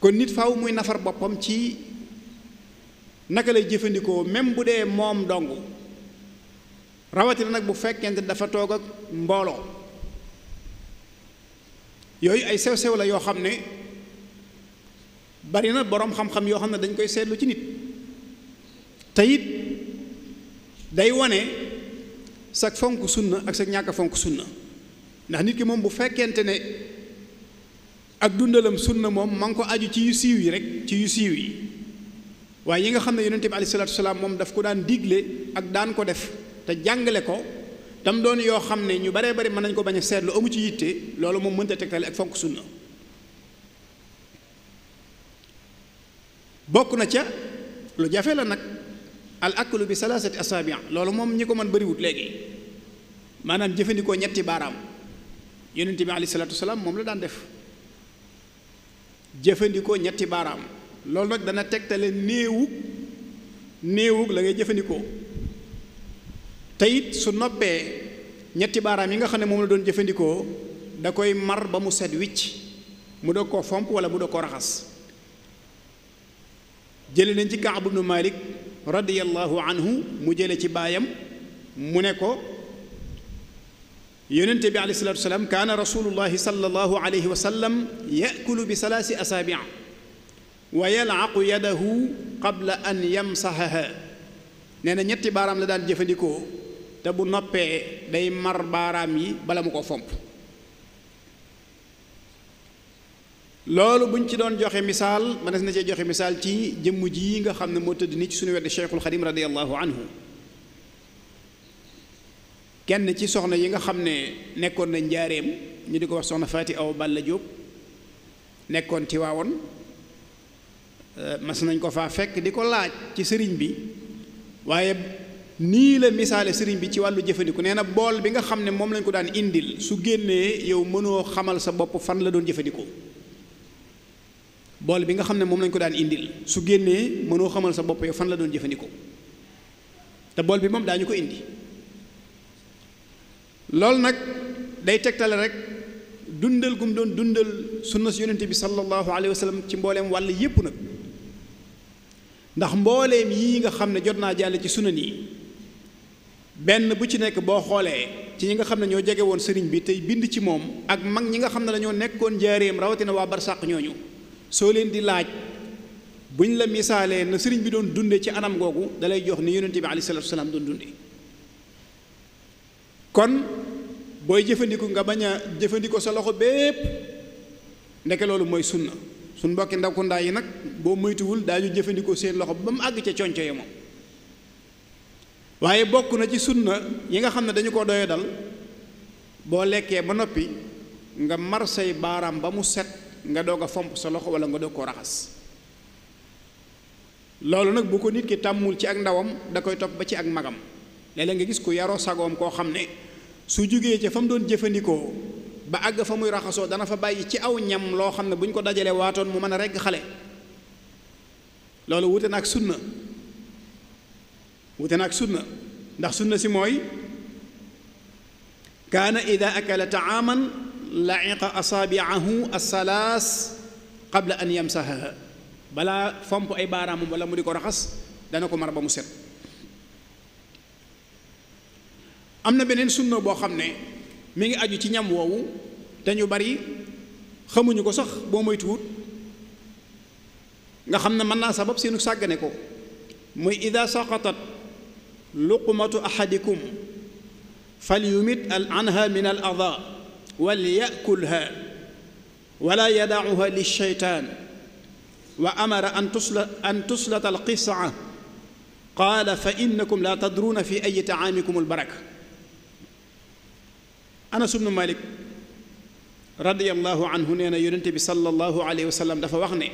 kon nit faw muy nafar boppam ci naka lay jëfandikoo même bu dee moom dong rawatina nag bu fekkente dafa toog ak mbooloo yooyu ay sew-sew la yoo xam ne bari na boroom xam-xam yoo xam ne dañ koy seetlu ci nit te it day wane sa fonk sunna ak sa ñàkk fonk sunna ndax nit ki moom bu fekkente ne ak dundalam sunna moom ma ko aju ci yu siiw yi rek ci yu siiw yi waaye yi nga xam ne yonente bi alayhi salaatu salaam moom daf ko daan digle ak daan ko def te jàngale ko tam doon yoo xam ne ñu baree bari mën nañ ko bañ a seetlu amu ci yitte loolu moom mënta tegtale ak fonk sunna bokk na ca lu jafe la nag al aklu bi salaasati asaabi loolu moom ñi ko mën bëriwut léegi maanaam jëfandikoo ñetti baaraam yonent bi alayhi salaatu wasalaam moom la daan def jëfandikoo ñetti baaraam loolu nag dana tegtale néewug néewug la ngay jëfandikoo te it su noppee ñetti baaraam yi nga xam ne moom la doon jëfandikoo da koy mar ba mu set wicc mu doog ko fomp wala mu doo ko raxas jële nañ ci Kaab ibnu Malik radiyallahu anhu mu jële ci baayam mu ne ko yonente bi alayhi salatu wasalaam kaana rasulullahi sallallahu alayhi wa sallam yakulu bi salaasi asaabi wa yalaqu yadahu qabla an yamsahaha nee na ñetti baaraam la daan jëfandikoo te bu noppee day mar baaraam yi bala mu ko fomp loolu buñ ci doon joxe misaal mënees na cee joxe misaal ci jëmm ji nga xam ne moo tëdd ni ci suñu wedd Cheikhul Xadim radiallahu anhu kenn ci soxna yi nga xam ne nekkoon na njaareem ñu di ko wax soxna Faati Awa la Diop nekkoon ci waawoon euh, mas nañ ko faa fekk di ko laaj ci sëriñ bi waaye nii la misaale sëriñ bi ci wàllu jëfandiku nee na bool bi nga xam ne moom lañ ko daan indil su génnee yow mënoo xamal sa bopp fan la doon jëfandikoo bool bi nga xam ne moom lañ ko daan indil su génnee mënoo xamal sa bopp yow fan la doon jëfandikoo te bool bi moom daañu ko indi loolu nag day tegtale rek dundal gum doon dundal sunna si bi sallallahu alayhi wa sallam ci mbooleem wàll yépp nag ndax mbooleem yii nga xam ne jot naa jàll ci sunan yi benn bu ci nekk boo xoolee ci ñi nga xam ne ñoo jege woon sëriñ bi tey bind ci moom ak mag ñi nga xam ne dañoo nekkoon njaareem rawatina waa bar barsàq ñooñu soo leen di laaj buñ la misaalee na sëriñ bi doon dunde ci anam googu dalay jox ni yonente bi aleyhi salaatu wa salaam doon dunde kon booy jëfandiku nga bañ a jëfandikoo sa loxo bépp ndeke loolu mooy sunna suñ mbokki ndawkundaa yi nag boo moytuwul daañu jëfandikoo seen loxo ba mu àgg ca conco ya moom waaye bokk na ci sunna yi nga xam ne dañu ko doyadal boo lekkee ba noppi nga marsey baaraam ba mu set nga doog a fomp sa loxo wala nga doog koo raxas loolu nag bu ko nit ki tàmmul ci ak ndawam da koy topp ba ci ak magam léeg nga gis ko yaroo sagoom koo xam ne su jógee ca fa mu doon jëfandikoo ba àgg fa muy raxasoo dana fa bàyyi ci aw ñam loo xam ne bu ñu ko dajalee waatoon mu mën a regg xale loolu wute na ak sunna wute na ak sunna ndax sunna si mooy kaana ida akala taaman laxiqa asaabiahu assalaas qabla an yamsahaha balaa fomp ay baaraamam wala mu di ko raxas dana ko mar ba mu set am na beneen sunna boo xam ne mi ngi aju ci ñam woowu te bari xamuñu ko sax boo moytuwut nga xam ne mën naa sabab seenu sàggane ko muy ida saqatat luqmatu ahadikum falyumit al anha min al ada walyakulha wala yadauha lilcheytaan wa amara an tusla an tuslata alqisaa qaala fa innakum la tadruuna fi ay taamikum albaraka anas bnu malik radiallahu anhu nee na yonent bi sallallahu alayhi wa sallam dafa wax ne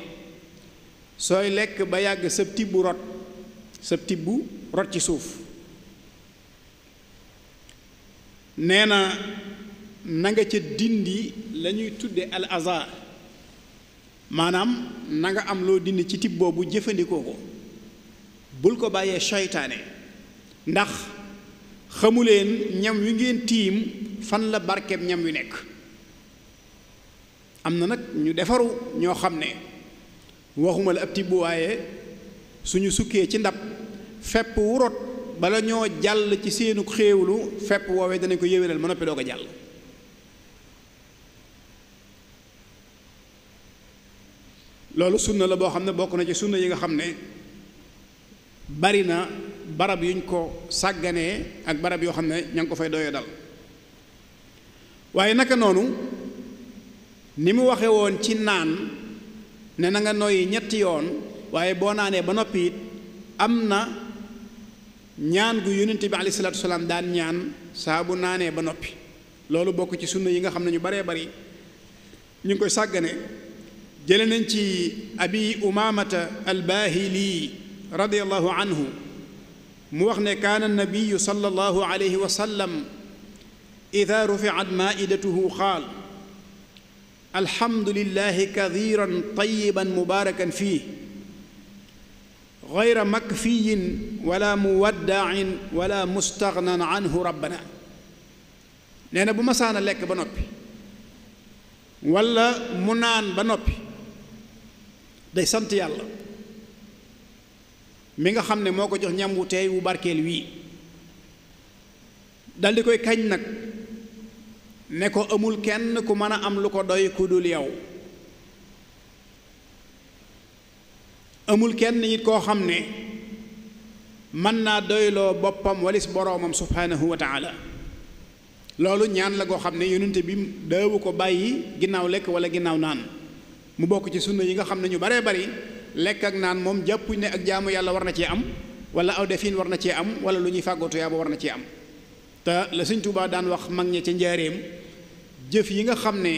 sooy lekk ba yàgg sab tibbu rot sab tibbu rot ci suuf nee na na nga ca dindi la ñuy tudde al azar maanaam nanga am loo dindi ci tib boobu jëfandikoo ko bul ko bàyyee seytaane ndax xamuleen ñam wi ngeen tiim fan la barkeb ñam wi nekk am na nag ñu defaru ñoo xam ne waxuma la ab tibb waaye suñu sukkee ci ndab fepp wurot bala ñoo jàll ci seenu xéewlu fepp woowee danañ ko yéwénal ma noppe doo ko jàll loolu sunna la boo xam ne bokk na ci sunna yi nga xam ne bari na barab yuñ ko sàgganee ak barab yoo xam ne ña ngi ko fay doyee dal waaye naka noonu ni mu waxe woon ci naan ne na nga noyyi ñetti yoon waaye boo naanee ba noppi it am na ñaan gu yonent bi alayhi salaatu salaam daan ñaan saabu naanee ba noppi loolu bokk ci sunna yi nga xam ne ñu baree bari ñu koy sàggane jële nañ ci abi umaamata albaahili radiallahu anhu mu wax ne kaana nabiyu sallallahu alayhi wa sallam ida rufiat maidatuhu qaal alhamdulilahi kathiran tayiban mubaarakan fii gayra makfiyin wala muwaddain wala mustagnan anhu rabbana nee na bu masaana lekk ba noppi wala mu naan ba noppi day sant yàlla mi nga xam ne moo ko jox ñam wu teey wu barkeel wii dal di koy kañ nag ne ko amul kenn ku mën a am lu ko doy ku dul yow amul kenn nit koo xam ne mën naa doyloo boppam walis boroomam subhaanahu wa loolu ñaan la koo xam ne yonente bi daawu ko bàyyi ginnaaw lekk wala ginnaaw naan mu bokk ci sunna yi nga xam ne ñu baree bari lekk ak naan moom jàppuñ ne ak jaamu yàlla war na cee am wala aw defin war na cee am wala lu ñuy fàggatu yaa ba war na cee am te la suñ Tuubaa daan wax mag ña ca njaareem jëf yi nga xam ne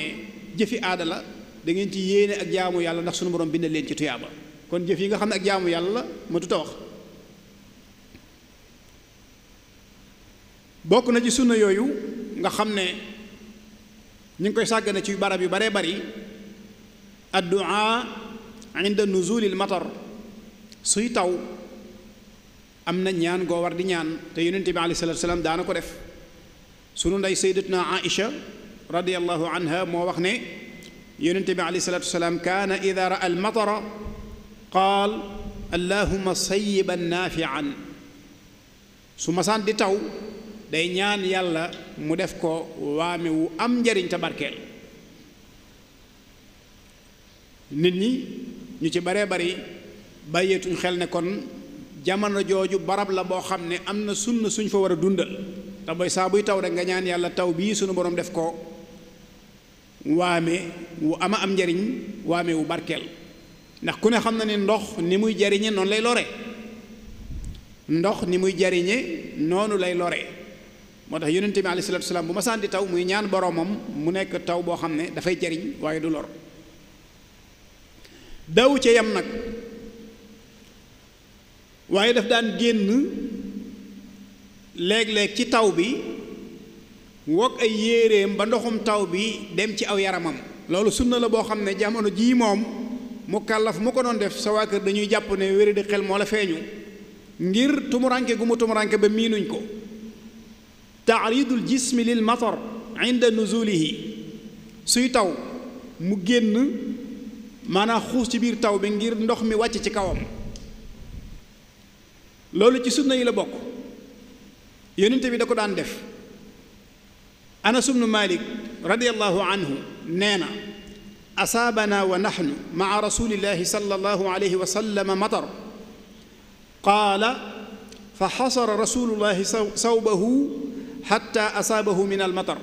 jëfi aadala dangeen ci yéene ak jaamu yàlla ndax suñu borom bind leen ci tuyaaba kon jëf yi nga xam ne ak jaamu yàlla ma tuta wax bokk na ci sunna yooyu nga xam ne ñu ngi koy sàggane ci barab yu baree bari addua inda nuzulil taw am na ñaan goo war di ñaan te yonent bi alayhi salaatu salaam daana ko def sunu ndey sayyidatuna Aïcha radiyallahu anha moo wax ne yonent bi alayhi salaatu salaam kaana ida raa al qaal allahuma sayiban naafian su masaan di taw day ñaan yàlla mu def ko waame wu am njariñ te barkeel nit ñi ñu ci baree bari bàyyeetuñ xel ne kon jamono jooju barab la boo xam ne am na suñ suñ fa war a dundal te mooy saa buy taw rek nga ñaan yàlla taw bii sunu borom def ko waame wu ama am njariñ waame wu barkeel ndax ku ne xam na ne ndox ni muy jariñe noonu lay lore ndox ni muy jariñe noonu lay lore moo tax yonente bi alayhi salaatu salaam bu ma saan taw muy ñaan boroomam mu nekk taw boo xam ne dafay jariñ waaye du lor daw ca yam nag waaye daf daan génn léeg-léeg ci taw bi wokk ay yéeréem ba ndoxum taw bi dem ci aw yaramam loolu sunna la boo xam ne jamono jii moom mu kàllaf mu ko doon def sa waa kër dañuy jàpp ne wéri di xel moo la feeñu ngir tumuranke gu mu tumuranke ba miinuñ ko taaridul jismi lil matar inda nuzulihi suy taw mu génn maanaam xuus ci biir taw bi ngir ndox mi wàcc ci kawam loolu ci sunna yi la bokk yonente bi da ko daan def anas ibnu malik radiallahu anhu nee na asaabanaa wa naxnu maa rasulillahi sallallahu alayhi wa sallam matar qaala fa xasara rasulullahi sawbahu xatta asaabahu min almatar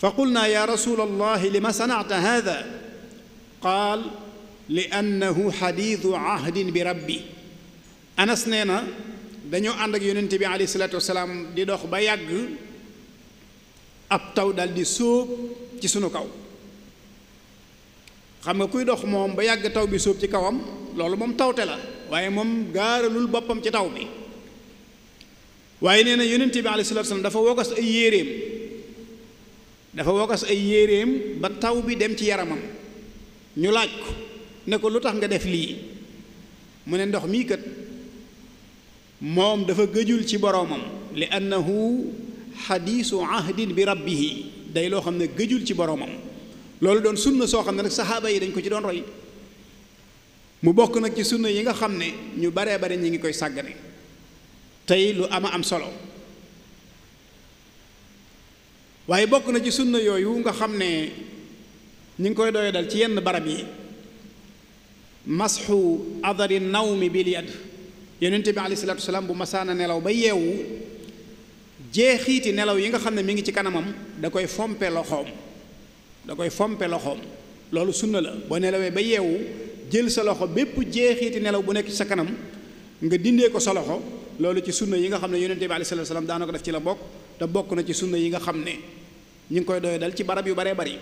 fa qulnaa ya rasul allah lima sanacta hada qaal li annahu xadiidu ahdin bi rabbi anas nee na dañoo ànd ak yonent bi aleyhi salaatu di dox ba yàgg ab taw dal di sóob ci sunu kaw xam nga kuy dox moom ba yàgg taw bi sóob ci kawam loolu moom tawte la waaye moom gaaralul boppam ci taw bi waaye nee na yonent bi aleyhi salaatu wasalaam dafa wokas ay yéreem dafa wokas ay yéreem ba taw bi dem ci yaramam ñu laaj ko ne ko lu tax nga def lii mu ne ndox mii kat moom dafa gëjul ci boroomam li annahu xadiisu ahdin bi yi day loo xam ne gëjul ci boroomam loolu doon sunna soo xam ne nag saxaaba yi dañ ko ci doon roy mu bokk nag ci sunna yi nga xam ne ñu baree bare ñu ngi koy sàggane tey lu ama am solo waaye bokk na ci sunna yooyu nga xam ne ñu ngi koy dal ci yenn barab yi masxu adari nawmi bil yad yonent bi alayhi salaatu salaam bu masaana nelaw ba yeewu jeexiiti nelaw yi nga xam ne mi ngi ci kanamam da koy fompe loxoom da koy fompe loxoom loolu sunna la boo nelawee ba yeewu jël sa loxo bépp jeexiiti nelaw bu nekk ci sa kanam nga dindee ko sa loxo loolu ci sunna yi nga xam ne yonent bi alayhi salaatu salaam daana ko def ci la bokk te bokk na ci sunna yi nga xam ne ñu ngi koy doyadal ci barab yu baree bari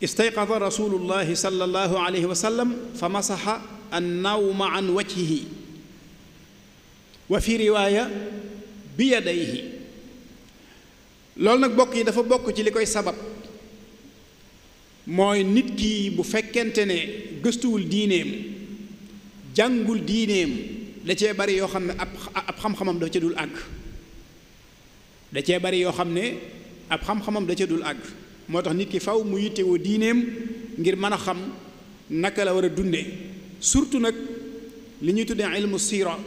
istayqada rasulullahi sallallahu alayhi wa sallam fa masaxa annawma an wajhihi wa fi riwaaya bi yadayhi loolu nag bokk yi dafa bokk ci li koy sabab mooy nit ki bu fekkente ne gëstuwul diineem jàngul diineem da cee bari yoo xam ne ab xam-xamam da ca dul àgg da cee bari yoo xam ne ab xam-xamam da ca dul àgg moo tax nit ki faw mu yittewoo diineem ngir mën a xam naka la war a dunde surtout nag li ñuy tuddee ilmu siira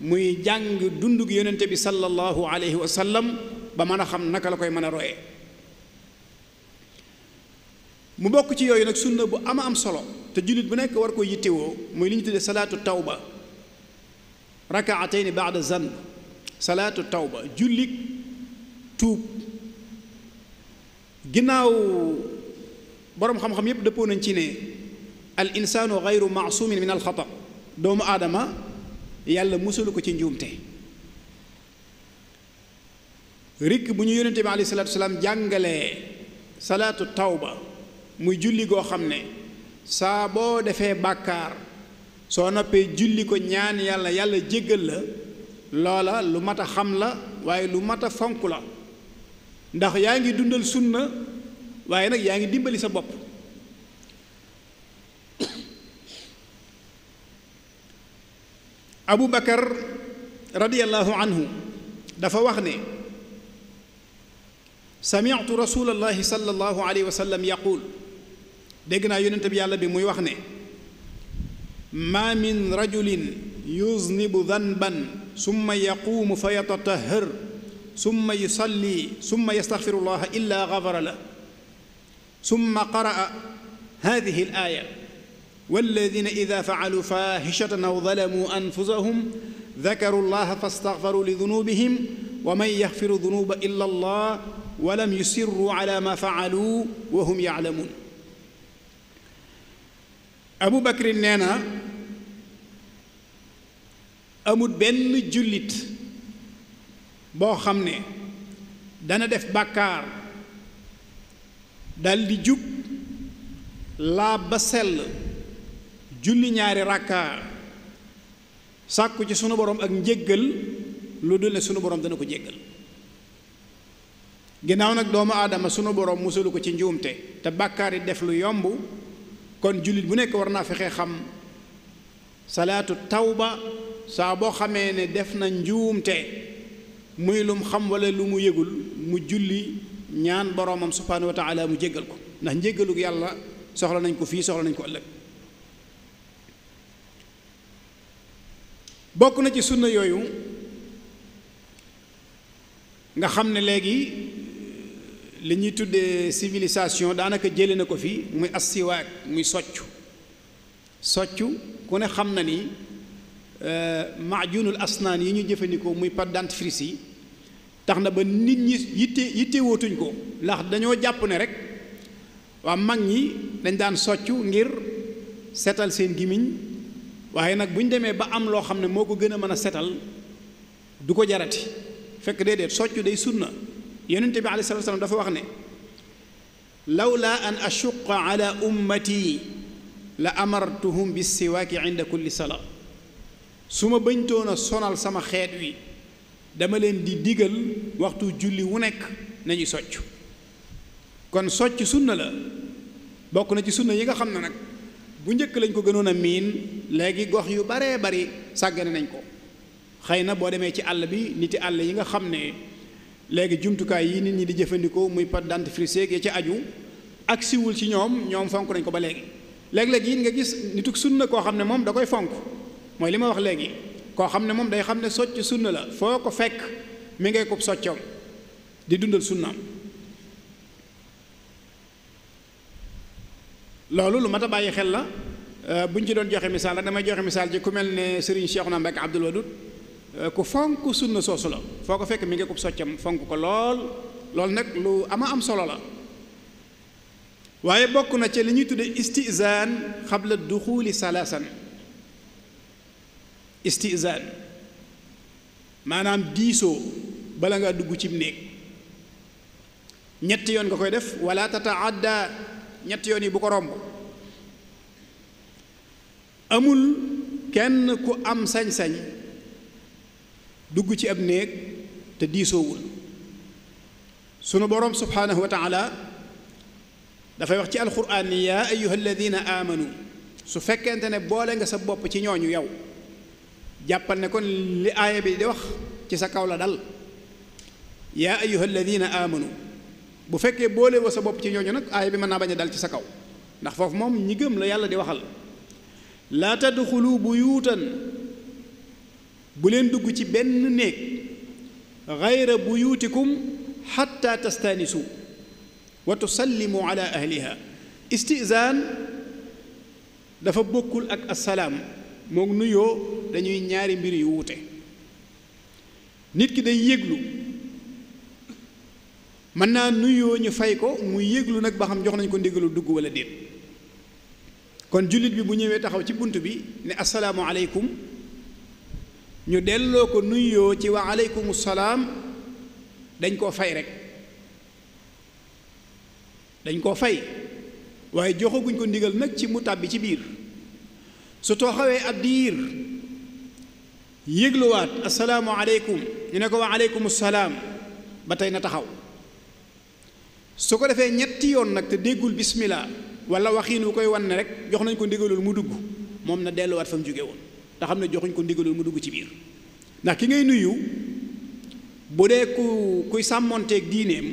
muy jàng dundug yonente bi sallallahu alayhi wa ba mën a xam naka la koy mën a royee mu bokk ci yooyu nag sunna bu ama am solo te jullit bu nekk war ko yittewoo muy li ñu tuddee salaatu tawba rakaatayni baada zanb salaatu tawba jullit tuub ginnaaw boroom xam-xam yépp dëppoo nañ ci ne al insaanu gayru maasumin min al doomu aadama yàlla musalu ko ci njuumte rikk bu ñu yónnente bi aleyhi salaatu wasalaam jàngalee salaatu tawba muy julli goo xam ne saa boo defee bàkkaar soo noppee julli ko ñaan yàlla yàlla jéggal la loola lu mat a xam la waaye lu mat a fonk la ndax yaa ngi dundal sunna waaye nag yaa ngi dimbali sa bopp abu bakar radiallahu anhu dafa wax ne samitu rasulallahi sallallahu alayhi wa sallam yaquul dégg naa yonente bi yàlla bi muy wax ne ma min rajulin yuznibu danban summa yaquumu fa yatatahhar summa yusalli summa yastaxfiru llaha illa gafara la summa qaraa hadihi al aaya walladina ida facaluu faaxishatan aw dalamuu anfusahum dakaru llaha fastaxfaru lidunubihim wa man yaxfiru dunuba illa allah wa lam yusirru ala ma facaluu wa hum yaclamuun abu bakrin nee na amut benn jullit boo xam ne dana def bàkkaar daldi jub laab ba sell julli ñaari ràkkaa sàkku ci sunu borom ak njéggal lu dul ne sunu borom dana ko jéggal ginnaaw nag doomu aadama sunu borom musalu ko ci njuumte te bàkkaar yi def lu yomb kon jullit bu nekk war naa fexe xam salaatu tawba saa boo xamee ne def na njuumte muy lum xam wala lu mu yégul mu julli ñaan boroomam subhaanahu wa mu jéggal ko ndax njéggalug yàlla soxla nañ ko fii soxla nañ ko ëllëg bokk na ci sunna yooyu nga xam ne léegi eh, li ñuy tuddee civilisation daanaka jële na ko fii muy assiwaak muy soccu soccu ku ne xam na ni Euh, maajunul asnaan yi ñu jëfandikoo muy pâte dentifrice yi tax na ba nit ñi yitte yitte wootuñ ko ndax dañoo jàpp ne rek waa mag ñi dañ daan soccu ngir setal seen gimiñ waaye nag bu ñu demee ba am loo xam ne moo ko gën a mën a setal du ko jarati fekk déedéet soccu day sunna yonente bi aleyhi salaatu dafa wax ne lawla an ashuqa ala ummati la amartuhum bis siwaaki inda kulli salaa su ma bañtoon a sonal sama xeet wi dama leen di digal waxtu julli wu nekk nañuy socc kon socc sunna la bokk na ci sunna yi nga xam ne nag bu njëkk lañ ko gënoon a miin léegi gox yu baree bari sàggane nañ ko xëy na boo demee ci àll bi niti àll yi nga xam ne léegi jumtukaay yi nit ñi di jëfandikoo muy pâte dentifrice ya ci aju agsiwul ci ñoom ñoom fonk nañ ko ba léegi léeg-léeg yi nga gis nituk sunna koo xam ne moom da koy fonk mooy li ma wax léegi koo xam ne moom day xam ne socc sunna la foo ko fekk mi ngay ko soccoom di dundal sunnaam loolu lu mat a bàyyi xel la euh, bu ñu ci doon joxe misaal la damay joxe misaal ci ku mel ne Serigne Cheikhouna Mbacké Abdoul Wadoud euh, ku fonk sunna soosu la foo ko fekk mi ngi ko soccam fonk ko lool loolu nag lu ama am solo la waaye bokk na ci li ñuy tudde istizaan xabla duxuli salasan istizaan maanaam diisoo bala ngaa dugg cib néeg ñetti yoon nga koy def wala tataadda ñetti yoon yi bu ko romb amul kenn ku am sañ-sañ dugg ci ab néeg te diisoowul sunu boroom subhaanahu wa dafay wax ci alquraan ni yaa ayuha alladina aamanu su fekkente ne boole nga sa bopp ci ñoo ñu yow jàppal ne kon li aaya bi di wax ci sa kaw la dal yaa ayuha alladina amanu bu fekkee boole sa bopp ci ñooñu nag aaya bi mën naa bañ dal ci sa kaw ndax foofu moom ñi gëm la yàlla di waxal laa tadxulu buyuutan bu leen dugg ci benn néeg gayra buyuutikum xatta tastaanisu wa tusallimu ala ahliha istizaan dafa bokkul ak assalaam mook nuyoo dañuy ñaari mbir yu wuute nit ki day yëglu mën naa nuyoo ñu fay ko mu yëglu nag ba xam jox nañ ko ndigalu dugg wala déet kon jullit bi bu ñëwee taxaw ci bunt bi ne asalaamu aleykum ñu delloo ko nuyoo ci wa aleykum salaam dañ koo fay rek dañ koo fay waaye joxaguñ ko ndiggal nag ci mu tàbbi ci biir su tooxawee ab diir yëgluwaat asalaamualeykum ñu ne ko wax aleykum salaam ba tey na taxaw su ko defee ñetti yoon nag te déggul bismillah wala waxiin wu koy wan ne rek jox nañ ko ndigalul mu dugg moom na delluwaat fa mu jóge woon te xam ne joxuñ ko ndigalul mu dugg ci biir ndax ki ngay nuyu bu dee ku kuy sàmmonteeg diineem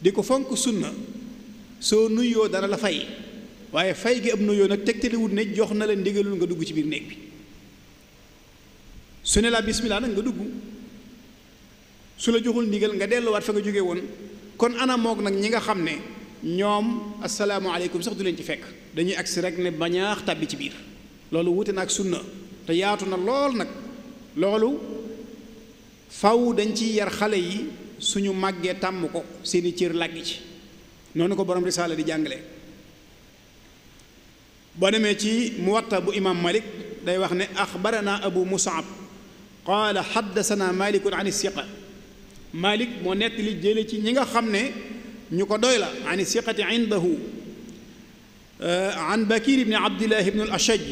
di ko fonk sunna soo nuyoo dana la fay waaye fay gi ab nuyoo nag tegtaliwut ne jox na la ndigalul nga dugg ci biir néeg bi su ne la bismillah nag nga dugg su la joxul ndigal nga delluwaat fa nga jóge woon kon ana moog nag ñi nga xam ne ñoom asalaamaaleykum sax du leen ci fekk dañuy agsi rek ne bañaax tàbbi ci biir loolu wuute na ak sunna te yaatu na lool nag loolu faw dañ ci yar xale yi suñu màggee tàmm ko seeni cër làggi ci noonu ko borom risaala di jàngale boo demee ci muwatta bu imaam malik day wax ne axbarana abu musaab qaala xaddasana malikun an siqa malik moo nekk li jële ci ñi nga xam ne ñu ko doy la an siqati indahu an bakir ibni abdillahi ibni al ashaj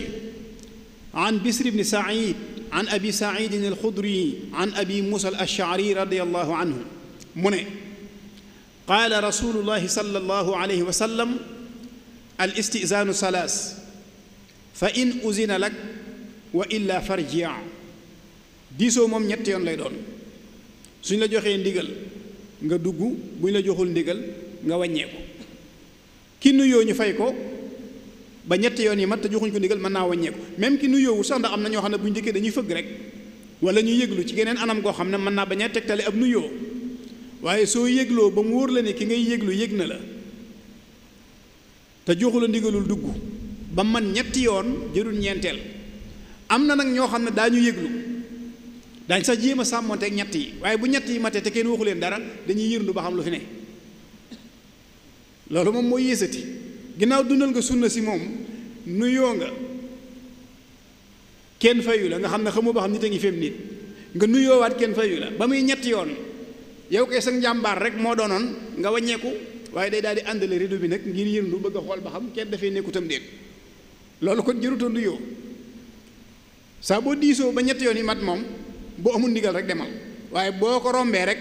an bisr ibni said an abi saidin al xudri an abi musa al ashari radiallahu anhu mu ne qaala rasulullahi sallallahu al istizaanu salaas fa in usina lag wa illa farjia diisoo moom ñett yoon lay doon suñ la joxee ndigal nga dugg buñ la joxul ndigal nga wàññee ko ki nuyoo ñu fay ko ba ñetti yoon yi mat te joxuñ ko ndigal mën naa wàññeeku même ki nuyoowul sax ndax am na ñoo xam ne bu ñu njëkkee dañuy fëgg rek wala ñu yëglu ci geneen anam koo xam ne mën naa bañ a tegtale ab nuyoo waaye soo yëgloo ba mu wóor la ne ki ngay yëglu yëg na la te joxu la ndigalul dugg ba man ñetti yoon jërul ñeenteel am na nag ñoo xam ne daañu yëglu daañ sax jéem a sàmmonte ak ñett yi waaye bu ñett yi matee te kenn waxu leen dara dañuy yërndu ba xam lu fi ne loolu moom mooy yéesati ginnaaw dundal nga sunna si moom nuyoo nga kenn fayu la nga xam ne xamoo ba xam nit a ngi fem nit nga nuyoowaat kenn fayu la ba muy ñetti yoon yow kay sa njàmbaar rek moo doonoon nga wàññeeku waaye day daal di àndale rido bi nag ngir yëndu bëgg a xool ba xam kenn dafay nekkutam déet loolu kon jëruta nuyoo saa boo diisoo ba ñetti yoon yi mat moom boo amul ndigal rek demal waaye boo ko rombee rek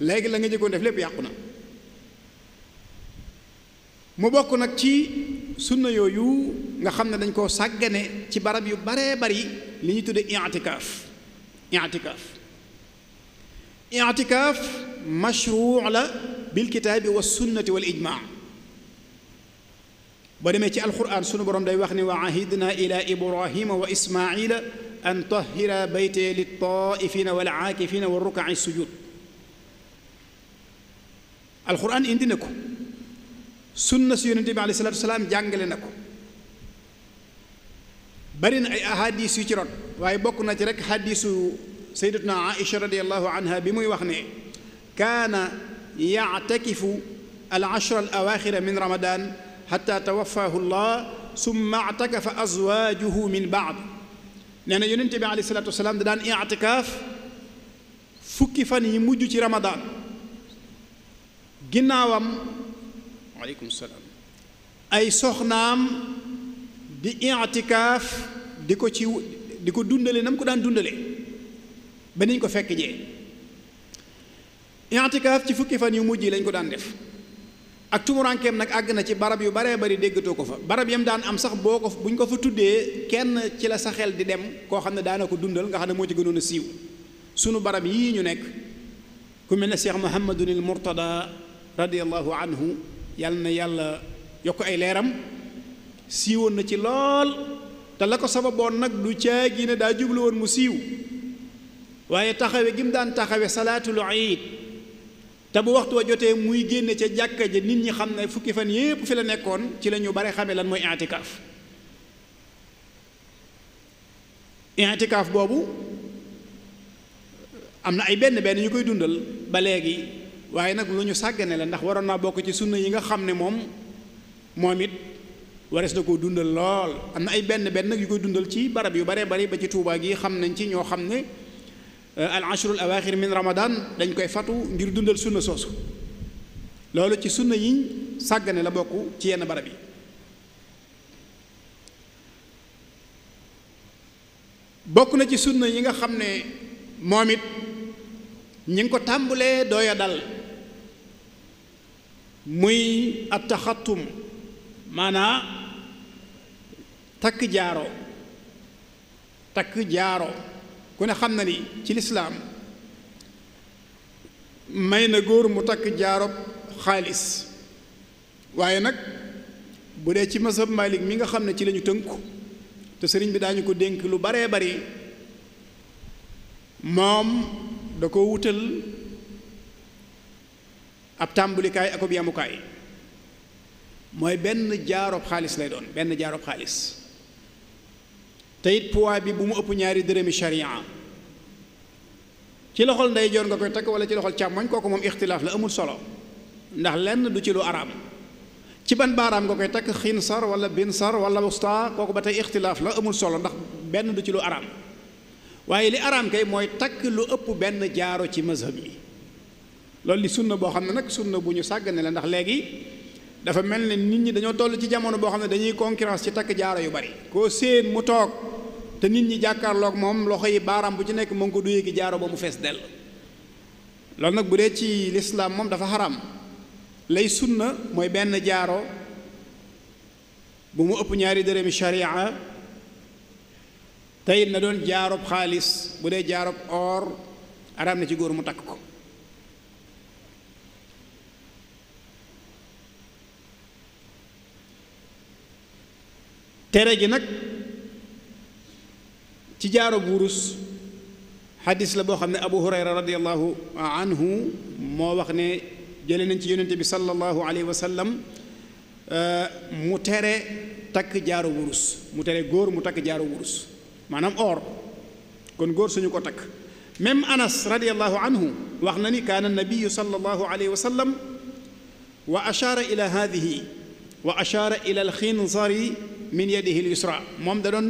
léegi la nga jëkkoon def lépp yàqu na mu bokk nag ci sunna yooyu nga xam ne dañ koo sàggane ci barab yu baree bari li ñuy tudde i'tikaaf i'tikaaf i'tikaaf mashruuc la bil kitaabi wa sunnati wal ijmaa boo demee ci alquran sunu borom day wax ne wa ahidna ila ibrahima wa ismaila an tahira baytee li taifina wal aakifina wa rukaci sujud alquran indi na ko sunna si yonente bi alei salatu wasalaam jàngale na ko bari na ay ahadis yu ci ron waaye bokk na ci rek hadisu sayyidatuna aïcha radiallahu anha bi muy wax ne kaana yactakifu al ashra al awaaxira min ramadan xata tawafaahu llah summa actakafa azwaajuhu min baad nee na yonente bi alayhi salaatu wasalaam da daan itikaaf fukki fan yi mujj ci ramadaan ginnaawam waaleykum salaam ay soxnaam di itikaaf di ko ci di ko dundale nam ko daan dundale ba niñ ko fekk jee intikaaf ci fukki fan yu mujj yi lañ ko daan def ak tumurankeem nag àgg na ci barab yu baree bari déggatoo ko fa barab yam daan am sax boo ko bu buñ ko fa tuddee kenn ci la sa xel di dem koo xam ne daana ko dundal nga xam ne moo ci gënoon a siiw sunu barab yii ñu nekk ku mel ne Cheikh Mouhamadunil Mourtada radiallahu anhu yàlla na yàlla yokk ay leeram siiwoon na ci lool te la ko sababoon nag lu du caagi ne daa jublu woon mu siiw waaye taxawe gi mu daan taxawe salaatul iid te bu waxtu wa jotee muy génne ca jàkka ja nit ñi xam ne fukki fan yépp fi la nekkoon ci la ñu bare xamee lan mooy itikaaf itikaaf boobu am na ay benn benn yu koy dundal ba léegi waaye nag lu ñu sàggane la ndax waroon naa bokk ci sunna yi nga xam ne moom moom it warees na koo dundal lool am na ay benn benn nag yu koy dundal ci barab yu baree bari ba ci tuubaa gi xam nañ ci ñoo xam ne Euh, al ashrul awaaxir min ramadan dañ koy fatu ngir dundal sunna soosu loolu ci sunna yiñ sàggane la bokk ci yenn barab yi bokk na ci sunna yi nga xam ne moom it ñi ngi ko tàmbalee dooya dal muy at taxattum maanaa takk jaaro takk jaaro ku ne xam na ni ci lislaam may na góor mu takk jaarob xaalis waaye nag bu dee ci mazhab malik mi nga xam ne ci lañu tënku te sëriñ bi daañu ko dénk lu baree bari moom da ko wutal ab tàmbulikaay ak ab yamukaay mooy benn jaarob xaalis lay doon benn jaarob xaalis te it poids bi bu mu ëpp ñaari dërëmi charia ci loxol ndeyjoor nga koy takk wala ci loxol càmmoñ kooku moom ixtilaaf la amul solo ndax lenn du ci lu araam ci ban baaraam nga koy takk xiin sar wala bin sar wala wusta kooku ba tey ixtilaaf la amul solo ndax benn du ci lu araam waaye li araam kay mooy takk lu ëpp benn jaaro ci mazhab yi loolu di sunna boo xam ne nag sunna bu ñu sàggane la ndax léegi dafa mel ne nit ñi dañoo toll ci jamono boo xam ne dañuy concurrence ci takk jaaro yu bari koo séen mu toog te nit ñi jàkkaarloog moom loxo yi baaraam bu ci nekk mu ngi ko duyee ki jaaro ba mu fees dell loolu nag bu dee ci lislaam moom dafa xaram lay na mooy benn jaaro bu mu ëpp ñaari dërëmi sharia tey na doon jaarob xaalis bu dee jaarob or araam na ci góor mu takk ko tere gi nag ci jaaro wurus xadis la boo xam ne abu hurayra radiallahu anhu moo wax ne jële nañ ci yonente bi sallallahu alayhi wa sallam euh, mu tere takk jaaro wurus mu tere góor mu takk jaaro wurus maanaam or kon góor suñu ko takk même anas radiallahu anhu wax na ni kaana nabiyu sallallahu alayhi wa sallam wa ashaara ila haadihi wa ashaara ila alxinzari min yadihi yusra moom da doon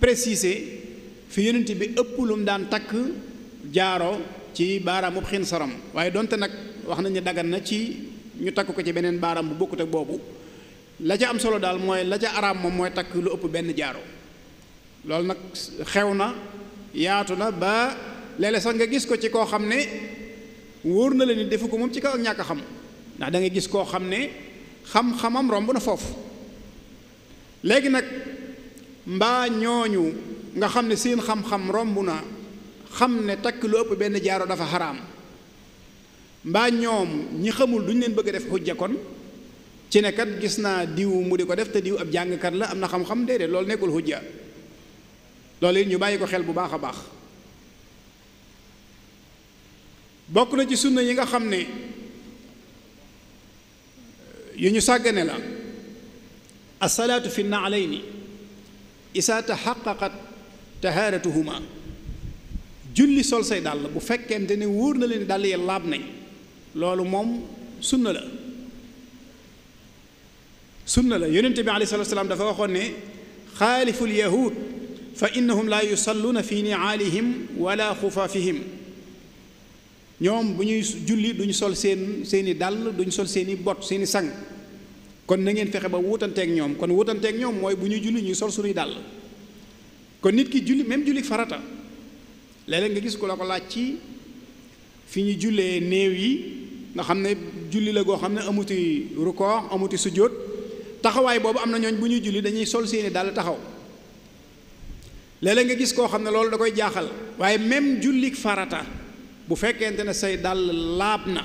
préciser fi yonent bi ëpp lu mu daan takk jaaro ci baaraamu xin saram waaye donte nag wax nañu dagan na ci ñu takk ko ci beneen baaraam bu bokkute boobu la ca am solo daal mooy la ca araam moom mooy takk lu ëpp benn jaaro loolu nag xew na yaatu na ba léeg sax nga gis ko ci koo xam ne wóor na la ni defu ko moom ci kaw ñàkk xam ndax dangay gis koo xam ne xam-xamam romb na foofu léegi nag mbaa ñooñu nga xam ne seen xam-xam romb na xam ne takk lu ëpp benn jaaro dafa xaraam mbaa ñoom ñi xamul duñ leen bëgg a def xujja kon ci ne gis naa diw mu di ko def te diw ab jàngkat la am na xam-xam déedéet loolu nekkul xujja loolu it ñu bàyyi ko xel bu baax a baax bokk na ci sunna yi nga xam ne yu ñu sàggane la asalaatu fi naalayni isaa taxaqaqat tahaaratuhuma julli sol say dàll bu fekkente ne wóor na leen dàll yi laab nañ loolu moom sunna la sunna la yonente bi aleyhi salaatu salaam dafa waxoon ne xaalifu lyahud fa innahum laa yusalluuna fi niaalihim wala xufaafihim ñoom bu ñuy julli duñu sol seen seeni dàll duñu sol seeni bot seeni sang kon na ngeen fexe ba wutanteeg ñoom kon wutanteeg ñoom mooy bu ñuy julli ñuy sol suñuy dàll kon nit ki julli même julli farata léeg nga gis ku la ko laaj ci fi ñu jullee néew yi nga xam ne julli la goo xam ne amuti rukoor amuti sujjóot taxawaay boobu am na ñooñ bu ñuy julli dañuy sol seeni dal taxaw léeg nga gis koo xam ne loolu da koy jaaxal waaye même julli farata bu fekkente ne say dàll laab na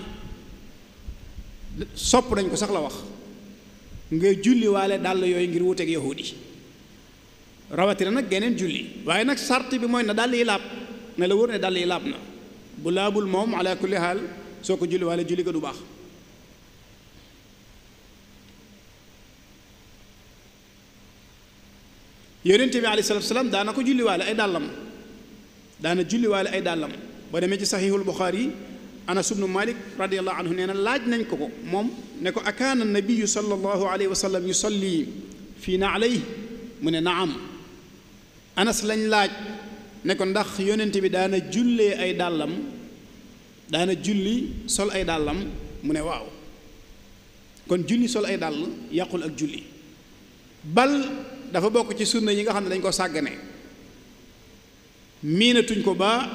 sopp dañ ko sax la wax nga julli dàll yooyu ngir wuteeg yi rawatina nag geneen julli waaye nag sart bi mooy na dàll yi laab na la wóor ne dàll yi laab na bu laabul moom ala kulli haal soo ko julli wala julli ko du baax yonent bi alayhi salaatu salaam daana ko julliwaale ay dàllam daana julliwaale ay dàllam boo demee ci saxiixul buxaari yi anas ibnu malik nee na laaj nañ ko ko moom ne ko akaana nabiyu sallallahu alayhi wa sallam yusalli fii na alayhi mu ne naam anas lañ laaj ne ko ndax yonent bi daana jullee ay dàllam daana julli sol ay dàllam mu ne waaw kon julli sol ay dàll yàqul ak julli bal dafa bokk ci sunna yi nga xam ne dañ ko sàggane miinatuñ ko ba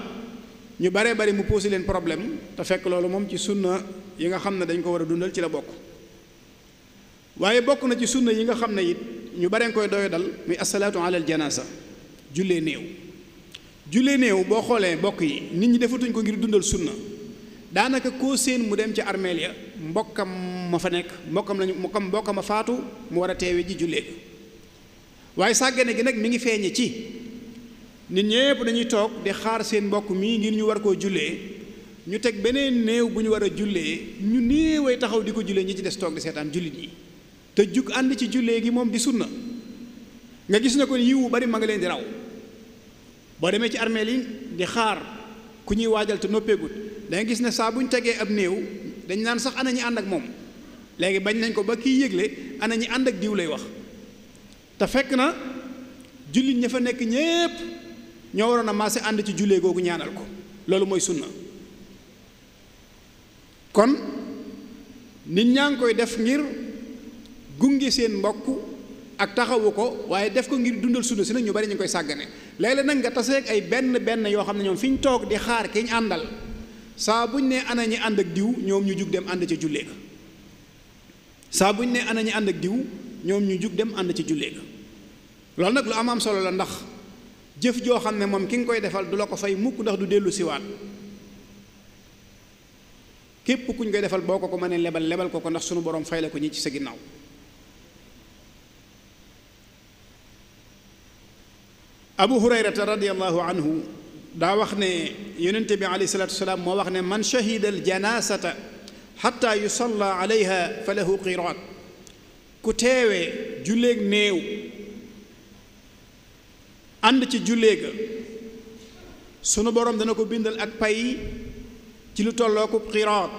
ñu baree bari mu posé leen problème te fekk loolu moom ci sunna yi nga xam ne dañ ko war a dundal ci la bokk waaye bokk na ci sunna yi nga xam ne it ñu baree koy doyo dal muy asalaatu alal janaasa jullee néew jullee néew boo xoolee mbokk yi nit ñi defatuñ ko ngir dundal na daanaka koo séen mu dem ci armeel ya mbokkam ma fa nekk mbokkam lañu mbokkam mbokkam a faatu mu war a teewe ji jullee waaye sàggane gi nag mi ngi feeñe ci nit ñépp dañuy toog di xaar seen mbokk mii ngir ñu war koo jullee ñu teg beneen néew bu ñu war a jullee ñu néewee taxaw di ko jullee ñi ci des toog di seetaan jullit yi te jug ànd ci jullee gi moom di sunna nga gis na ko yiwu bari ma nga leen di raw boo demee ci armeel yi di xaar ku ñuy waajal te noppeegut da gis ne saa bu tegee ab néew dañ naan sax ana ñi ànd ak moom léegi bañ nañ ko ba kiy yëgle ana ñi ànd ak diw lay wax te fekk na jullit ña fa nekk ñépp ñoo waroon a maase ànd ci jullee googu ñaanal ko loolu mooy sunna kon nit ñaa ngi koy def ngir gunge seen mbokk ak taxawu ko waaye def ko ngir dundal sunu si nag ñu bari ñu koy sàggane léeg-léeg nag nga taseeg ay benn benn yoo xam ne ñoom fi ñu toog di xaar ki ñu àndal saa buñ ne ana ñi ànd ak diw ñoom ñu jug dem ànd ca jullee saa buñ ne ana ñi ànd ak diw ñoom ñu jug dem ànd ca jullee ga loolu nag lu am am solo la ndax jëf joo xam ne moom ki nga koy defal du la ko fay mukk ndax du dellu siwaat képp ku ñu koy defal boo ko ko mënee lebal lebal ko ko ndax sunu borom fay la ko ñi ci sa ginnaaw abu hurayrata radiallahu anhu daa wax ne yonente bi alayhi salatu wasalaam moo wax ne man shahida al janasata xata yusalla alayha fa lahu qiraat ku teewee julleeg néew ànd ci julleega sunu boroom dana ko bindal ak pay ci lu tolloo ko qiraat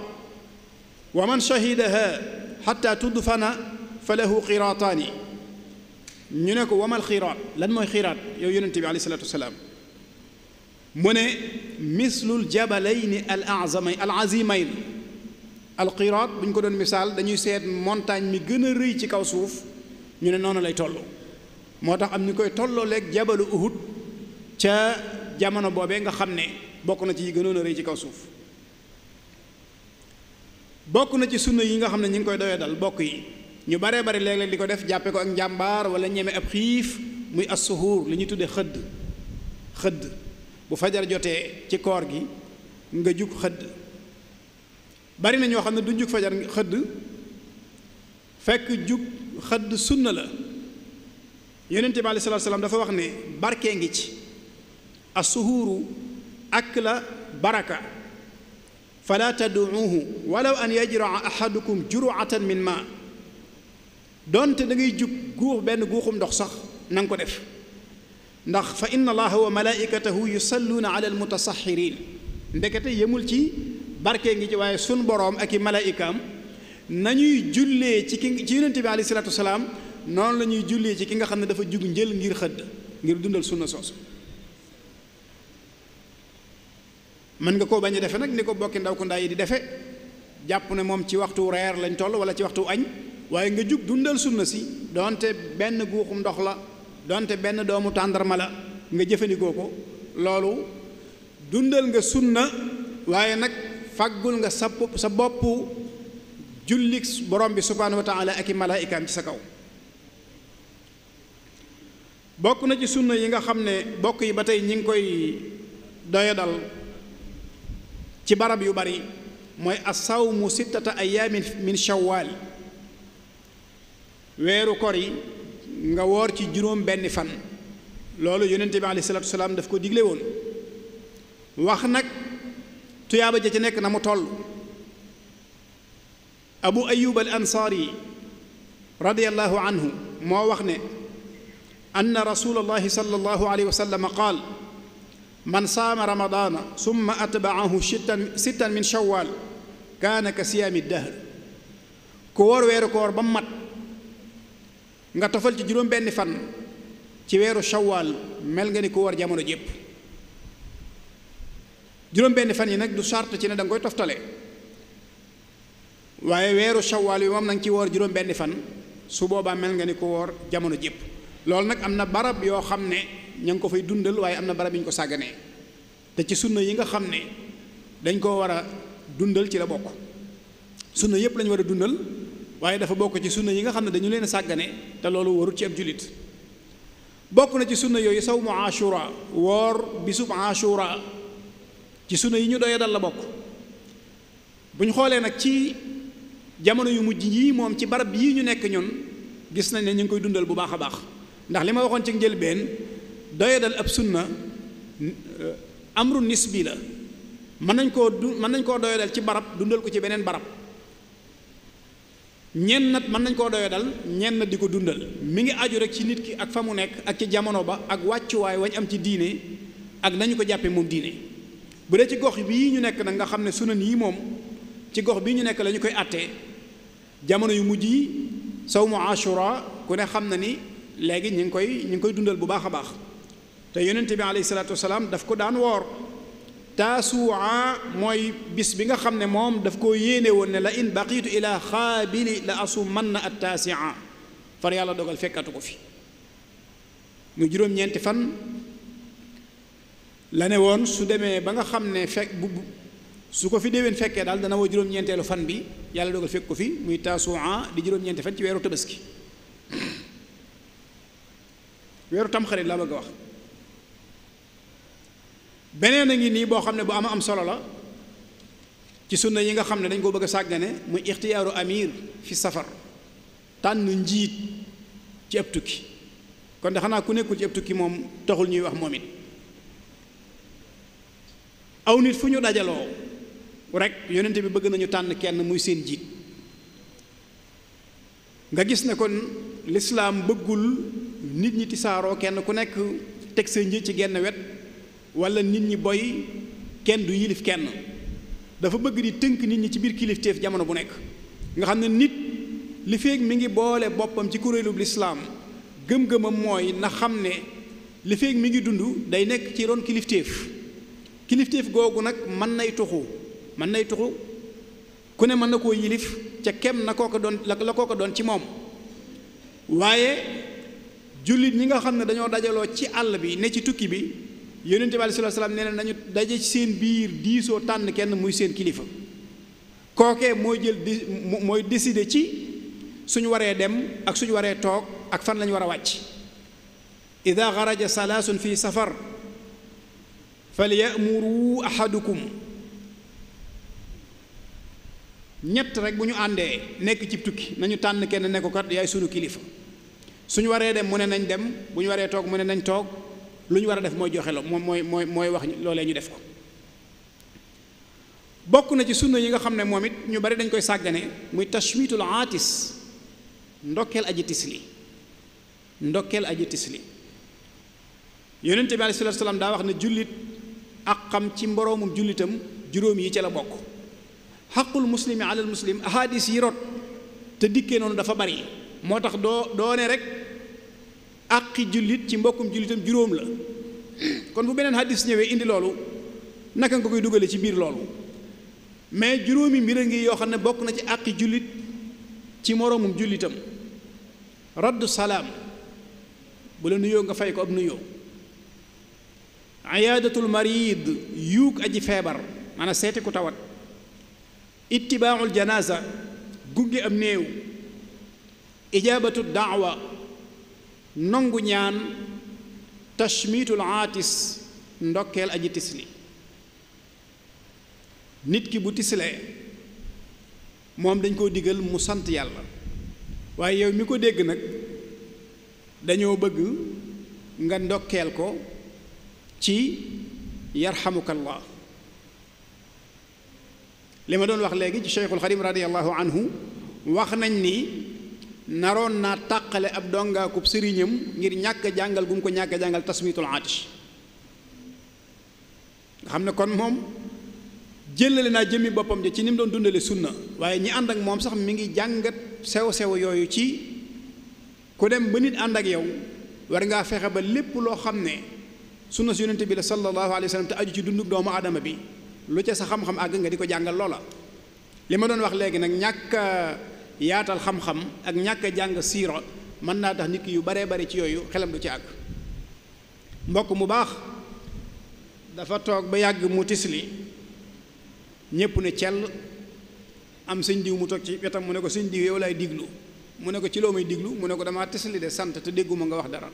wa man shahidaha xata tudfana fa lahu qiraataani ñu ne ko wamal xiiraat lan mooy xiiraat yow yonente bi alayhi salaatu wasalaam mu ne mislul jabalayni al azamay al azimayn al xiiraat bu ñu ko doon misaal dañuy seet montagne mi gën a rëy ci kaw suuf ñu ne noonu lay toll moo tax am ñu koy tolloo leeg jabalu uhud ca jamono boobee nga xam ne bokk na ci yi gënoon a rëy ci kaw suuf bokk na ci sunna yi nga xam ne ñu ngi koy doyee dal bokk yi ñu baree bari léeg-léeg di ko def jàppe ko ak njàmbaar wala ñeme ab xiif muy assuhuur li ñuy tudde xëdd xëdd bu fajar jotee ci koor gi nga jug xëdd bari na ñoo xam ne du jug fajar xëdd fekk jug xëdd sunna la yonente bi alayhi salaatu dafa wax ne barke ngi ci assuhuuru ak la baraka fala tad'uuhu walaw an yajraa ahadukum juruatan min ma donte da ngay jug guux benn guuxum ndox sax na nga ko def ndax fa inna allaha wa malaikatahu yusalluuna ala almutasaxirin ndekete yemul ci barkee ngi ci waaye sun boroom ak i malaayikaam nañuy jullee ci ki ci yonente noonu la ñuy jullee ci ki nga xam ne dafa jug njël ngir xëdd ngir dundal sunna soosu mën nga koo bañ a defe nag ni ko bokki ndaw ko ndaa yi di defe jàpp ne moom ci waxtu reer lañ toll wala ci waxtu añ waaye nga jug dundal sunna si donte benn guuxum ndox la donte benn doomu tàndarma la nga jëfandikoo ko loolu dundal nga sunna waaye nag faggul nga sa sa bopp jullik borom bi subhaanahu wa taala ak i malaayikaam ci sa kaw bokk na ci sunna yi nga xam ne bokk yi ba tey ñi ngi koy doyadal ci barab yu bari mooy asawmu sittata ayaamin min shawaal weeru kor yi nga woor ci juróom benn fan loolu yonente bi alayhi salaatu salaam daf ko digle woon wax nag tuyaaba ja ci nekk na mu toll abu ayub al ansaari radiallahu anhu moo wax ne an rasul allahi sal allahu aleyhi wa qaal man saama ramadaana summa atbaahu sittan sittan min shawal kaana siyaami dahr ku woor weeru koor ba mu mat nga tofal ci juróom benni fan ci weeru shawaal mel nga ni ku war jamono jépp juróom benni fan yi nag du sart ci ne danga koy toftale waaye weeru shawaal bi moom na ci woor juróom benni fan su boobaa mel nga ni ku woor jamono jépp loolu nag am na barab yoo xam ne ña ngi ko fay dundal waaye am na barab yi ñu ko sàgganee te ci sunna yi nga xam ne dañ koo war a dundal ci la bokk sunna yépp lañu war a dundal waaye dafa bokk ci sunna yi nga xam ne dañu leen sàggane te loolu warut ci ab jullit bokk na ci sunna yooyu sawmu ashura woor bisub ashura ci sunna yi ñu doyee dal la bokk bu xoolee nag ci jamono yu mujj yi moom ci barab yii ñu nekk ñun gis nañ ne ñu ngi koy dundal bu baax a baax ndax li ma waxoon ci njëlbeen doye dal ab sunna amru nisbi la mën nañ koo du mën nañ koo doye ci barab dundal ko ci beneen barab ñenn nag mën nañ koo doyoo dal ñenn nag di ko dundal mi ngi aju rek ci nit ki ak fa mu nekk ak ci jamono ba ak wàccuwaay wañ am ci diine ak nañu ko jàppee moom diine bu dee ci gox bii ñu nekk nag nga xam ne sunan yi moom ci gox bii ñu nekk lañu koy àttee jamono yu mujj yi sawmu ashura ku ne xam na ni léegi ñu ngi koy ñu ngi koy dundal bu baax a baax te yonent bi alayhi salaatu wasalaam daf ko daan woor taasuwaa mooy bis bi nga xam ne moom daf koo yéene woon ne la in baqiitu ilaa xaabili la asu man na at taasia far yàlla dogal fekkatu ko fi muy juróom-ñeenti fan la ne woon su demee ba nga xam ne fekk bu su ko fi déwén fekkee daal dana woo juróom-ñeenteelu fan bi yàlla dogal fekk ko fi muy taasuwaa di juróom-ñeenti fan ci weeru tabaski weeru tamxarit laa bëgg a wax beneen a ngi nii boo xam ne bu am am solo la ci sunna yi nga xam ne dañ koo bëgg a sàggane muy ixtiyaaru amir fi safar tànn njiit ci ab tukki kon de ku nekkul ci ab tukki moom taxul ñuy wax moom it aw nit fu ñu dajaloo rek yonent bi bëgg nañu tànn kenn muy seen njiit nga gis ne kon lislaam bëggul nit ñi tisaaroo kenn ku nekk teg seen njiit ci genn wet wala nit ñi boy kenn du yilif kenn dafa bëgg di tënk nit ñi ci biir kilifteef jamono bu nekk nga xam ne nit li feeg mi ngi boole boppam ci kuréelub lislaam gëm-gëmam mooy na xam ne li feeg mi ngi dund day nekk ci ron kilifteef kilifteef googu nag mën nay tuxu mën nay tuxu ku ne mën na koo yilif ca kem na koo ko doon la koo ko doon ci moom waaye jullit ñi nga xam ne dañoo dajaloo ci àll bi ne ci tukki bi yonente bi aleyhi salaatu wa salaam nee nañu daje ci seen biir diisoo tànn kenn muy seen kilifa kookee mooy jël di mooy décider ci suñu waree dem ak suñu waree toog ak fan lañu war a wàcc ida xaraja salaasun fi safar falyamuru ahadukum ñett rek bu ñu àndee nekk ci tukki nañu tànn kenn ne ko yaay sunu kilifa suñu waree dem mu ne nañ dem bu ñu waree toog mu ne nañ toog lu ñu war a def mooy joxe lo moom mooy mooy mooy wax loolee ñu def ko bokk na ci sunna yi nga xam ne moom it ñu bari dañ koy sàggane muy tashmitul aatis ndokkeel aji tisli ndokkeel aji tisli yonent bi alayhi salaatu salaam daa wax ne jullit ak xam ci mboroomum jullitam juróom yi ca la bokk xaqul muslimi alal muslim ahadis yi rot te dikkee noonu dafa bari moo tax doo doone rek àqi jullit ci mbokkum jullitam juróom la kon bu beneen hadis ñëwee indi loolu naka nga koy dugale ci biir loolu mais juróomi mbir a ngi yoo xam ne bokk na ci àqi jullit ci moroomum jullitam raddu salaam bu la nuyoo nga fay ko ab nuyoo ayaadatul marid yuug aji feebar maanaam seeti ku tawat ittibaaul janaasa gunge am néew ijaabatu daawa nangu ñaan tashmiitul aatis ndokkeel aji tisli nit ki bu tislee moom dañ koo digal mu sant yàlla waaye yow mi ko dégg nag dañoo bëgg nga ndokkeel ko ci yarxamukallah li ma doon wax léegi ci cheikhul xadim radiallahu anhu wax nañ ni naroon naa tàqale ab dongaakub sëriñam ngir ñàkk jàngal gu mu ko ñàkk jàngal tasmitul aatish nga xam ne kon moom jëlale naa jëmmi boppam ja ci ni mu doon dundale sunna waaye ñi ànd ak moom sax mu ngi jàngat sew-sew yooyu ci ku dem ba nit ànd ak yow war ngaa fexe ba lépp loo xam ne sunna si yonente bi la sallallahu alayhi wa sallam te aju ci dundub doomu aadama bi lu ca sa xam-xam àgg nga di ko jàngal loola li ma doon wax léegi nag ñàkk yaatal xam-xam ak ñàkk jàng siira mën naa tax nit ki yu baree bari ci yooyu xelam du ci àgg mbokk mu baax dafa toog ba yàgg mu tisli ñépp ne cell am sëñ diw mu toog ci wetam mu ne ko sëñ diw yow laay diglu mu ne ko ci loo may diglu mu ne ko damaa tisli de sant te dégguma nga wax dara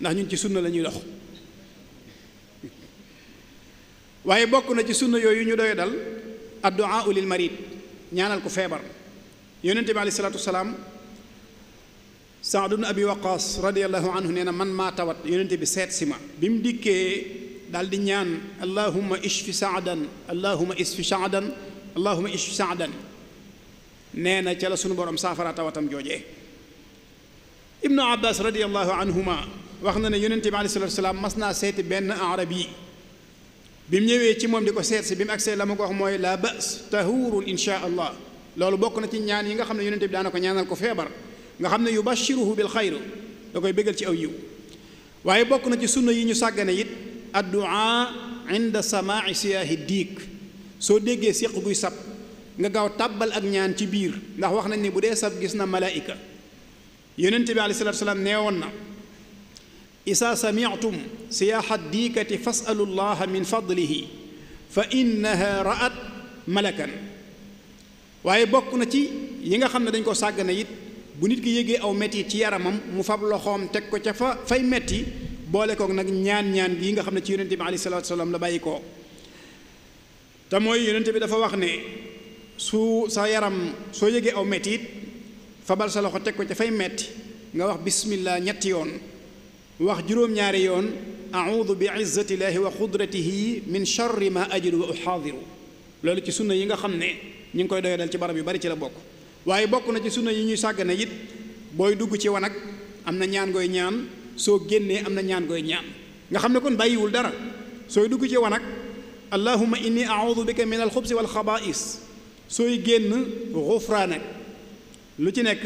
ndax ñun ci sunna la ñuy dox waaye bokk na ci sunna yooyu ñu doy dal addu'a lil marid ñaanal ko feebar yonente bi alayhi salaam wasalaam saad ibn abi waqaas radiallahu anhu nee na man maa tawat yonente bi seet si ma bi mu dikkee daal di ñaan allahuma ishfi saadan allahuma ishfi saadan allahuma ishfi saadan nee na ca sunu borom saafara tawatam joojee ibnu abbas radiallahu anhuma wax na ne yonente bi alayhi salaatu mas naa seeti benn arab yi bi mu ñëwee ci moom di ko seet si bi mu la ma ko wax mooy la bas tahuurun insha allah loolu bokk na ci ñaan yi nga xam ne yonente bi daana ko ñaanal ko feebar nga xam ne yu yubashiruhu bil xayr da koy bégal ci aw yiw waaye bokk na ci sunna yi ñu sàggane it addu'a inda samaai siyaahi déggee séq guy nga gaaw tàbbal ak ñaan ci biir ndax wax nañ ne bu dee sab gis na malaayika yonente bi alayhi salaatu salaam nee woon na isaa samiatum siyaaha diikati fasalu llaha min fadlihi fa innaha ra'at malakan waaye bokk na ci yi nga xam ne dañ ko sàggane it bu nit ki yëgee aw metti ci yaramam mu fab loxoom teg ko ca fa fay metti boole kook nag ñaan-ñaan gi nga xam ne ci yonente bi alayhi salaatu salaam la bàyyi ko te mooy yonente dafa wax ne su sa yaram soo yëgee aw metti it fabal sa loxo teg ko ca fay metti nga wax bismillah ñetti yoon wax juróom-ñaari yoon audu bi izzati llahi wa qudratihi min charri ma ajidu wa uxaadiru loolu ci sunna yi nga xam ne ñu ngi koy doyadal ci barab yu bari ci la bokk waaye bokk na ci sunna yi ñuy sàggane it booy dugg ci wanag am na ñaan gooy ñaan soo génnee am na ñaan gooy ñaan nga xam ne kon bàyyiwul dara sooy dugg ci wanag allahuma inni audu bika min alxubsi wal xabaais sooy génn xufraanak lu ci nekk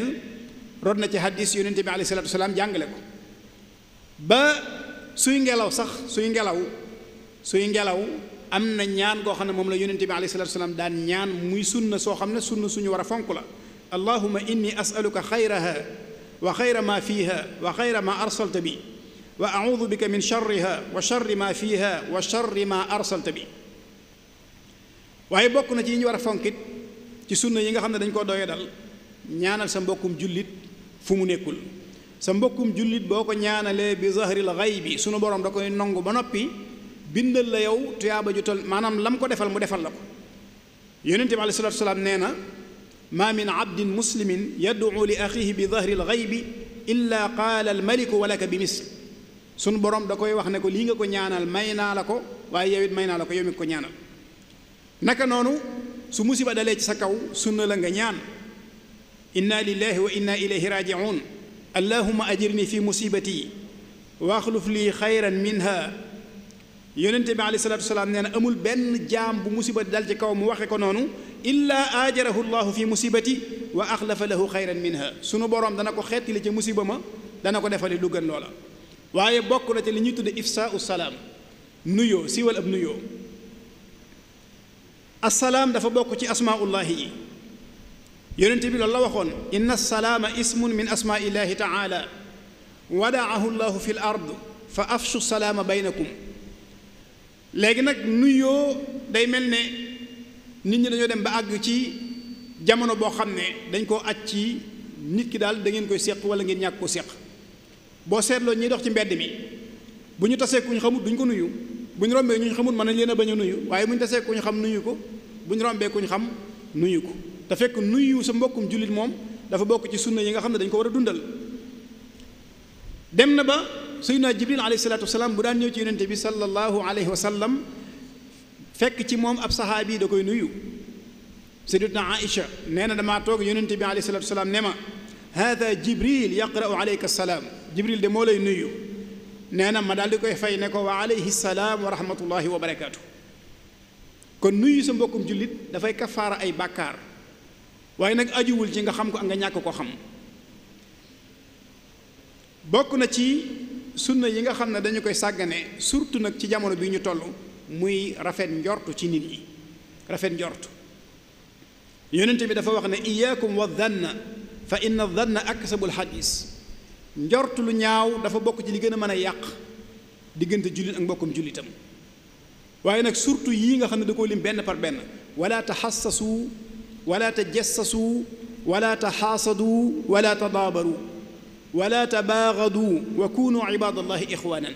rod na ci hadis yonente bi alayhi salatu wasalaam jàngale ko ba suy ngelaw sax suy ngelaw suy ngelaw am na ñaan koo xam ne moom la yonente bi alayhi salatu salaam daan ñaan muy sunna soo xam ne sunna suñu war a fonk la allahuma inni asaluka xayraha wa xayra ma fiha wa xayra ma arsalta bi wa audu bika min charriha bi waaye bokk na ci yi ñu war a fonkit ci sunna yi nga xam ne dañ koo doye dal ñaanal sa mbokkum jullit fu mu nekkul sa mbokkum jullit boo ko ñaanalee bi zahril xay bi sunu borom da koy nongu ba noppi bindal la yow tuyaaba ju toll maanaam lam ko defal mu defal la ko yonente bi aleyhi salaatu nee na maa min abdin muslimin yad'u li axihi bi dahri alxaybi illa qaala almaliku walaka sunu borom da koy wax ne ko lii nga ko ñaanal may naa la ko waaye yow it may naa la ko yow ko ñaanal noonu su musiba dalee ci sa kaw sunna la nga ñaan inna lillahi wa inna ilayhi rajiun allahuma ajirni fi musibati wa lii xayran minha yonente bi alayhi salaatu wasalaam amul benn jaam bu musiba dal ci kaw mu waxe ko noonu illaa aajarahu llahu fi musibati wa axlafa lahu xayran minha sunu boroom dana ko xettali ca musiba ma dana ko defali lu gën loola waaye bokk na ci li ñuy tudde ifsaau salaam nuyoo siiwal ab nuyoo assalaam dafa bokk ci asmaullahi yi yonent bi loolu la waxoon inna salaama ismun min asmaillahi taala wadaahu llahu fi l ard fa afshu salaama baynakum léegi nag nuyoo day mel ne nit ñi dañoo dem ba àgg ci jamono boo xam ne dañ koo aj ci nit ki daal da ngeen koy seq wala ngeen ñàkk ko seq boo seetloo ñuy dox ci mbedd mi bu ñu tasee ku ñu xamut duñ ko nuyu bu ñu rombee ñu xamut mën nañ leen bañ a nuyu waaye bu ñu tasee ku xam nuyu ko bu ñu rombee ku ñu xam nuyu ko te fekk nuyu sa mbokkum jullit moom dafa bokk ci sunna yi nga xam ne dañ ko war a dundal dem na ba. sayyidina jibril alayhi salaatu wasalaam bu daan ñëw ci yonente bi sallallahu alayhi wa sallam fekk ci moom ab saxaabi da koy nuyu sayyidatuna aïcha nee na damaa toog yonente bi alayhi salaatu wasalaam ne ma haada jibril yaqra'u salaam jibril de moo lay nuyu nee na ma daal di koy fay ne ko wa alayhi salaam wa rahmatullahi wa barakaatu kon nuyu sa mbokkum jullit dafay kafaara ay bàkkaar waaye nag ajuwul ci nga xam ko am nga ñàkk ko xam bokk na ci sunna yi nga xam ne dañu koy sàggane surtout nag ci jamono bi ñu toll muy rafet njortu ci nit ñi rafet njortu yonent bi dafa wax ne iyaakum wa dhanna fa inna dhanna aksabul xadis njort lu ñaaw dafa bokk ci li gën a mën a yàq diggante jullit ak mbokkum jullitam waaye nag surtout yii nga xam ne da ko lim benn par benn wala taxassasu wala tajassasu wala taxaasadu wala daabaru wala tabaagadu wa kunu ibadallahi ixwanan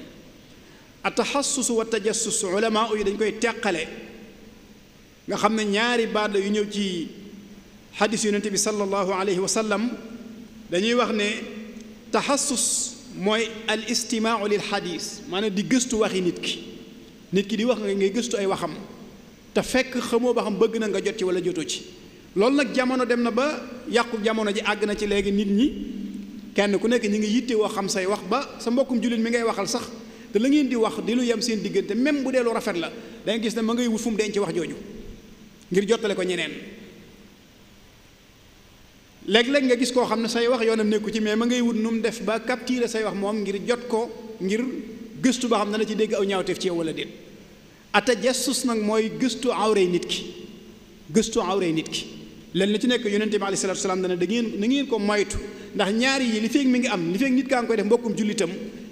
ataxassus wa tajassus ulama yi dañ koy teqale nga xam ne ñaari baat la yu ñëw ci xadis yonente bi sallallahu alayhi wa sallam dañuy wax ne taxassus mooy al istimaau lil xadis maanaam di gëstu waxi nit ki nit ki di wax nga ngay gëstu ay waxam te fekk xamoo ba xam bëgg na nga jot ci wala jotoo ci loolu nag jamono dem na ba yàqu jamono ji àgg na ci léegi nit ñi kenn ku nekk ñi ngi yitte woo xam say wax ba sa mbokkum jullit mi ngay waxal sax te la ngeen di wax di lu yem seen diggante même bu dee lu rafet la da gis ne ma ngay wut fu mu denc wax jooju ngir jottale ko ñeneen léeg-léeg nga gis koo xam ne say wax yoonam nekku ci mais ma ngay wut nu mu def ba capturer say wax moom ngir jot ko ngir gëstu ba xam ne na ci dégg aw ñaawteef ci yow wala déet atajassus nag mooy gëstu awrey nit ki gëstu awrey nit ki lenn ci nekk yonente bi alayhi salaatu wa salaam dana da ngeen na ngeen ko moytu ndax ñaari yi li feeg mi ngi am li nit kaa ngi koy def mbokkum jullitam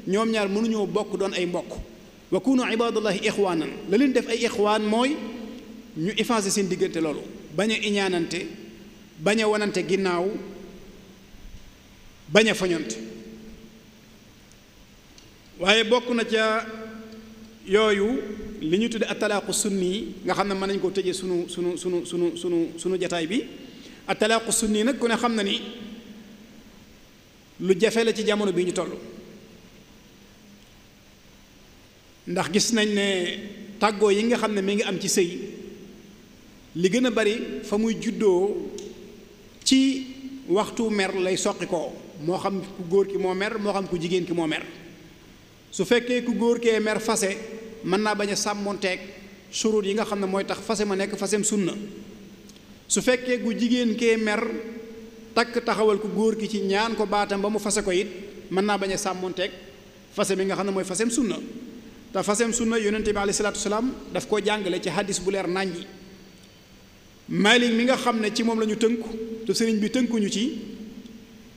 ñoom ñaar mënuñoo bokk doon ay mbokk wa kunu ibadallahi ixwaanan la leen def ay ixwaan mooy ñu effacé seen diggante loolu bañ a iñaanante bañ a wanante ginnaaw bañ a fañonte waaye bokk na ca yooyu li ñu tudde atalaaqu sunni nga xam ne mën nañ koo tëjee sunu sunu sunu sunu sunu sunu jataay bi atalaaqu sunni nag ku ne xam na ni lu jafe la ci jamono bi ñu toll ndax gis nañ ne tàggoo yi nga xam ne mi ngi am ci sëy li gën a bari fa muy juddoo ci waxtu mer lay soqi koo moo xam ku góor ki moo mer moo xam ku jigéen ki moo mer su fekkee ku góor kee mer fase mën naa bañ a sàmmonteeg surut yi nga xam ne mooy tax fase ma nekk fasem sunna su fekkee ku jigéen kee mer takk taxawal ko góor gi ci ñaan ko baatam ba mu fase ko it mën naa bañ a sàmmonteeg fase bi nga xam ne mooy faseem sunna te faseem sunna yonente bi aleyhi salaatu salaam daf koo jàngale ci hadis bu leer nàññ yi Maalik mi nga xam ne ci moom la ñu tënku te sëriñ bi tënkuñu ci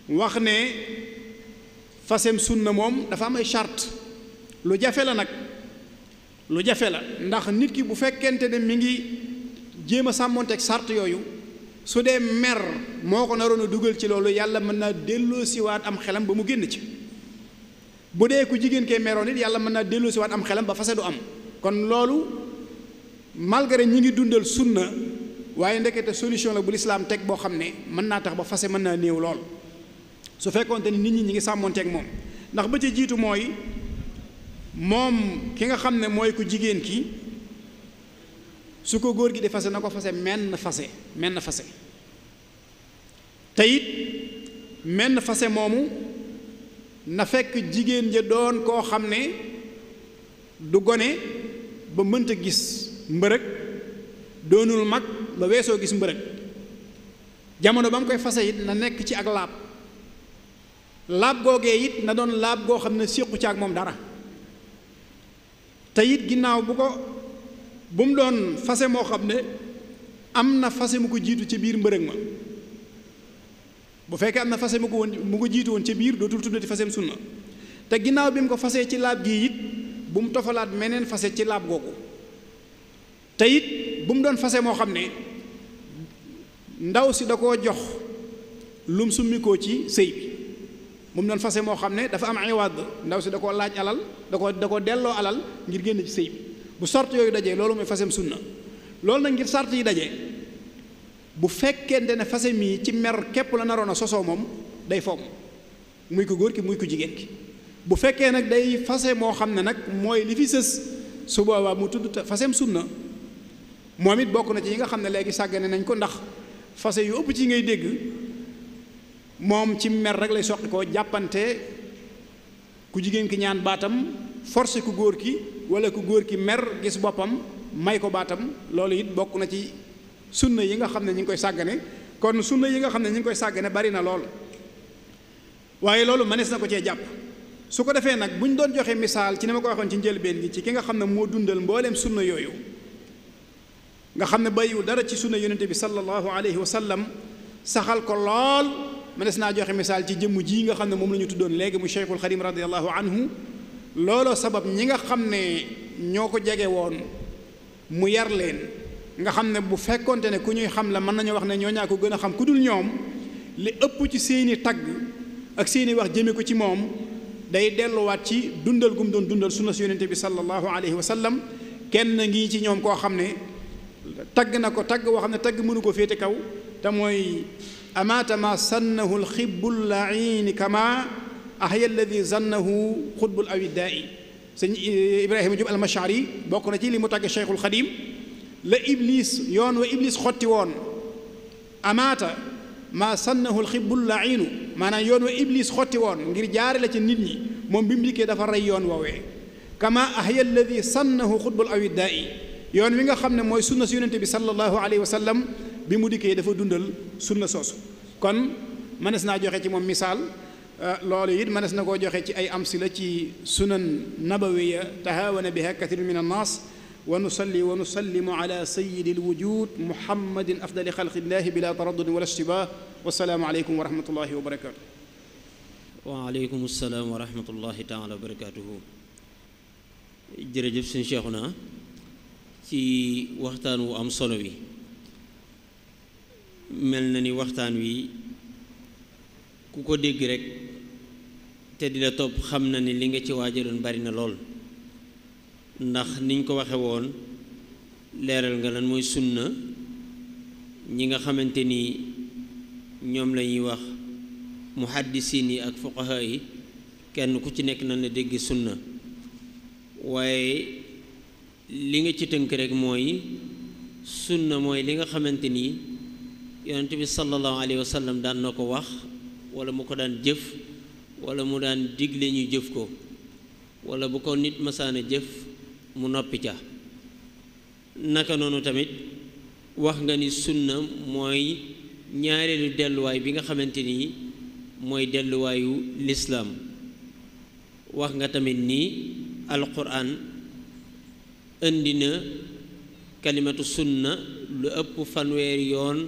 wax ne faseem sunna moom dafa am ay charte lu jafe la nag lu jafe la ndax nit ki bu fekkente ne mi ngi jéem a sàmmonteeg charte yooyu su dee mer moo ko naroon a dugal ci loolu yàlla mën naa delloo siwaat am xelam ba mu génn ci bu dee ku jigéen kee meroon it yàlla mën naa delloo siwaat am xelam ba fase du am kon loolu malgré ñi ngi dundal sunna waaye ndekete solution la bu lislaam teg boo xam ne mën naa tax ba fase mën naa néew lool su fekkoonte ni nit ñi ñi ngi sàmmoonteeg moom ndax ba ca jiitu mooy moom ki nga xam ne mooy ku jigéen ki su ko góor gi di fase na ko fase menn fase menn fase te it menn fase moomu na fekk jigéen ja doon koo xam ne du gone ba mënta gis mbërëg doonul mag ba weesoo gis mbërëg jamono bam koy fase it na nekk ci ak laab laab googee it na doon laab goo xam ne séqu ci ak moom dara te ginnaaw bu ko bu mu doon fase moo xam ne am na fase mu ko jiitu ci biir mbërëg ma bu fekkee am na fase mu ko woon mu ko jiitu woon ci biir dootul tuddati faseem sunna te ginnaaw bi mu ko fasee ci laab gii it bu mu tofalaat meneen fase ci laab googu te it bu mu doon fase moo xam ne ndaw si da koo jox lum summikoo ci sëy bi mu mu doon fase moo xam ne dafa am ay wadd ndaw si da koo laaj alal da ko da ko delloo alal ngir génn ci sëy bi bu sart yooyu daje loolu mooy fasem sunna loolu nag ngir sart yi daje bu fekkente ne fasem yi ci mer képp la naroon a sosoo moom day fomm muy ko góor ki muy ko jigéen ki bu fekkee nag day fase moo xam ne nag mooy li fi sës su boobaa mu tudd fasem sunna moom it bokk na ci yi nga xam ne léegi sàggane nañ ko ndax fase yu ëpp ci ngay dégg moom ci mer rek lay soqi ko jàppante ku jigéen ki ñaan baatam forcé ku góor ki wala ku góor ki mer gis boppam may ko baatam loolu it bokk na ci sunna yi nga xam ne ñu ngi koy sàggane kon sunna yi nga xam ne ñu ngi koy sàggane bari na lool waaye loolu mënees na ko cee jàpp su ko defee nag bu ñu doon joxe misaal ci ni ma ko waxoon ci njëlbeen gi ci ki nga xam ne moo dundal mbooleem sunna yooyu nga xam ne bàyyiwul dara ci sunna yonente bi sallallahu alayhi wa sallam saxal ko lool mënees naa joxe misaal ci jëmm ji nga xam ne moom la ñu tuddoon léegi mu Cheikhul Xadim radiallahu anhu looloo sabab ñi nga xam ne ñoo ko jege woon mu yar leen nga xam ne bu fekkonte ne ku ñuy xam la mën nañoo wax ne ñoo ñaa ko gën a xam ku dul ñoom li ëpp ci seeni tagg ak seeni wax jëme ko ci moom day delluwaat ci dundal gum doon dundal sunna su yonente bi sallallahu alayhi wa sallam kenn ngi ci ñoom koo xam ne tagg na ko tagg woo xam ne tagg mënu ko féete kaw te mooy amaatama sannahu lxibbu llaini kama ahya alladi zannahu xutbul awiddaa i sëñ eh, ibrahima jub almachar yi bokk na ci li mu tàgge cheikhul xadim la iblis yoon wa iblis xotti woon amaata maa sannahu lxibbul lainu maanaam yoon wa iblis xotti woon ngir jaare la ci nit ñi moom bi mu dikkee dafa rey yoon woowee kama ahya alladi sannahu xutbul awiddaa i yoon wi nga xam ne mooy sunna si yonente bi sallallahu alayhi wa sallam bi mu dikkee dafa dundal sunna soosu kon mënees naa joxe ci moom misaal Eh, loolu it mënees na koo joxe ci ay amsila ci sunan nabawiya tahawana biha kathir min annaas wa nusalli wa nusallimu ala sayidi alwujud muhammadin afdali xalqillahi bila taraddudi wala ishtibah wasalaamu aleykum wa rahmatullahi wa barakatu waaleykum salaam wa rahmatullahi taala wa barakatuhu jërëjëf seen cheikhu na ci waxtaan wu am solo wi mel na ni waxtaan wi ku ko dégg rek te di la topp xam na ni li nga ci waajaroon bari na lool ndax niñ ko waxe woon leeral nga lan mooy sunna ñi nga xamante ni ñoom la ñuy wax muhaddisiin yi ak fuqaha yi kenn ku ci nekk na la dégg sunna waaye li nga ci tënk rek mooy sunna mooy li nga xamante ni yonent bi sallallahu alayhi wa daan na ko wax wala mu ko daan jëf wala mu daan digle ñu jëf ko wala bu ko nit masaana jëf mu noppi ca naka noonu tamit wax nga ni sunna mooy ñaareelu delluwaay bi nga xamante ni mooy delluwaayu lislaam wax nga tamit nii alquran indi na kalimatu sunna lu ëpp fanweeri yoon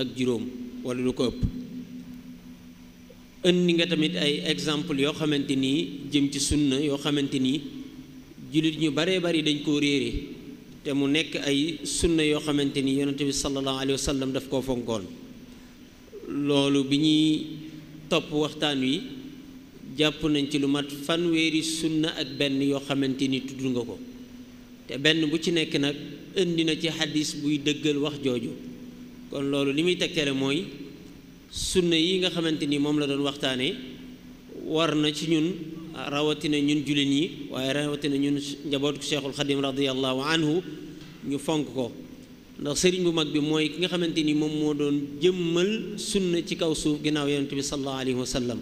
ak juróom wala lu ko ëpp indi nga tamit ay exemple yoo xamante ni jëm ci sunna yoo xamante ni jullit ñu baree bari dañ koo réere te mu nekk ay sunna yoo xamante ni yonente bi sallallahu alayhi wa sallam daf koo fonkoon loolu bi ñuy topp waxtaan wi jàpp nañ ci lu mat fanweeri sunna ak benn yoo xamante ni tudd nga ko te benn bu ci nekk nag indi na ci xadis buy dëggal wax jooju kon loolu li muy tegtale mooy sunna yi nga xamante ni moom la doon waxtaane war na ci ñun rawatina ñun jullit yi waaye rawatina ñun njabootu cheikhul xadim radiallahu anhu ñu fonk ko ndax sëriñ bu mag bi mooy ki nga xamante ni moom moo doon jëmmal sunna ci kaw suuf ginnaaw yonent bi sallallahu alayhi wa sallam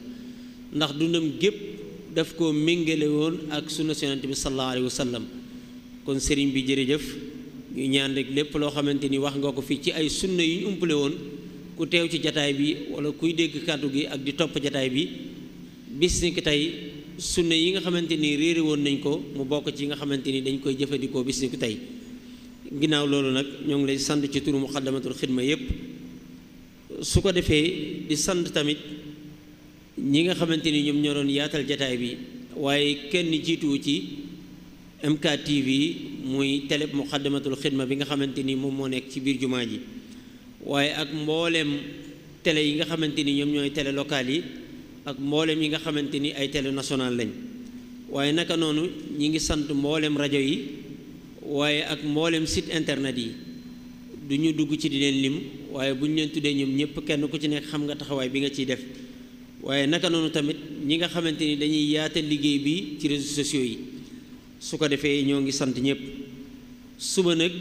ndax dundam gépp daf ko méngale woon ak sunna si yonent bi sallallahu alayhi kon sëriñ bi jërëjëf ñu ñaan rek lépp loo xamante ni wax nga ko fii ci ay sunna yu ñu umpale woon ku teew ci jataay bi wala kuy dégg kàddu gi ak di topp jataay bi bis ni ki tey sunne yi nga xamante ni réere woon nañ ko mu bokk ci yi nga xamante ni dañ koy jëfandikoo bis tey ginnaaw loolu nag ñoo ngi lay sant ci turu muqaddamatul xidma yépp su ko defee di sant tamit ñi nga xamante ni ñoom ñoroon yaatal jataay bi waaye kenn jiituwu ci MK TV muy télé muqaddamatul xidma bi nga xamante ni moom moo nekk ci biir jumaa ji waaye ak mbooleem télé yi nga xamante ni ñoom ñooy tele locale yi ak mbooleem yi nga xamante ni ay tele national lañ waaye naka noonu ñi ngi sant mbooleem rajo yi waaye ak mboolem site internet yi duñu dugg ci di leen lim waaye bu ñu leen tuddee ñoom ñëpp kenn ku ci nekk xam nga taxawaay bi nga ciy def waaye naka noonu tamit ñi nga xamante ni dañuy yaatal liggéey bi ci réseaux sociaux yi su ko defee ñoo ngi sant ñëpp suba nag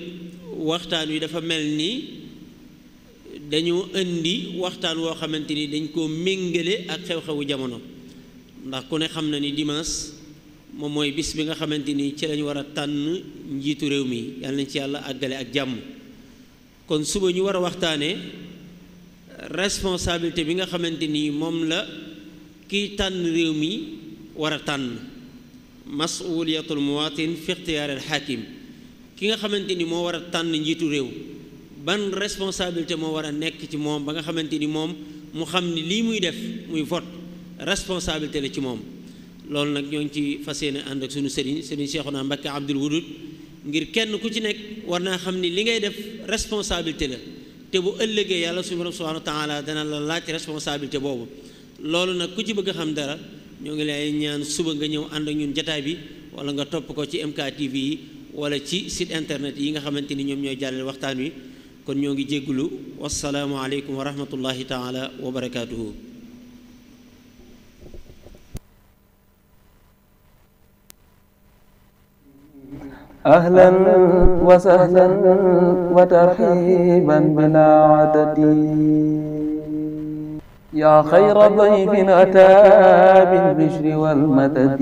waxtaan wi dafa mel ni dañoo indi waxtaan woo xamante ni dañ koo méngale ak xew-xewu jamono ndax ku ne xam na ni dimanche moom mooy bis bi nga xamante ni ci lañu war a tànn njiitu réew mi yàlla nañ ci yàlla àggale ak jàmm kon suba ñu war a waxtaanee responsabilité bi nga xamante ni moom la kiy tànn réew mi war a tànn masuuliyatul muwatin fi ixtiyaar ki nga xamante ni moo war a tànn njiitu réew ban responsabilité moo war a nekk ci moom ba nga xamante ni moom mu xam ni lii muy def muy vote responsabilité la ci moom loolu nag ñoo ngi ci fas yéene ànd ak sunu sëriñ sëriñ Cheikhouna Mbacké Abdoul Wudud ngir kenn ku ci nekk war naa xam ni li ngay def responsabilité la te bu ëllëgee yàlla suñu borom subhanahu wa taala dana la laaj responsabilité boobu loolu nag ku ci bëgg a xam dara ñoo ngi lay ñaan suba nga ñëw ànd ak ñun jataay bi wala nga topp ko ci MK TV yi wala ci site internet yi nga xamante ni ñoom ñooy jàllale waxtaan wi kon ñoo ngi jéggulu wasalaamu aleykum wa rahmatullahi taala wa barakaatuhu أهلا وسهلا وترحيبا بلا عدد يا خير ضيف أتى بالبشر والمدد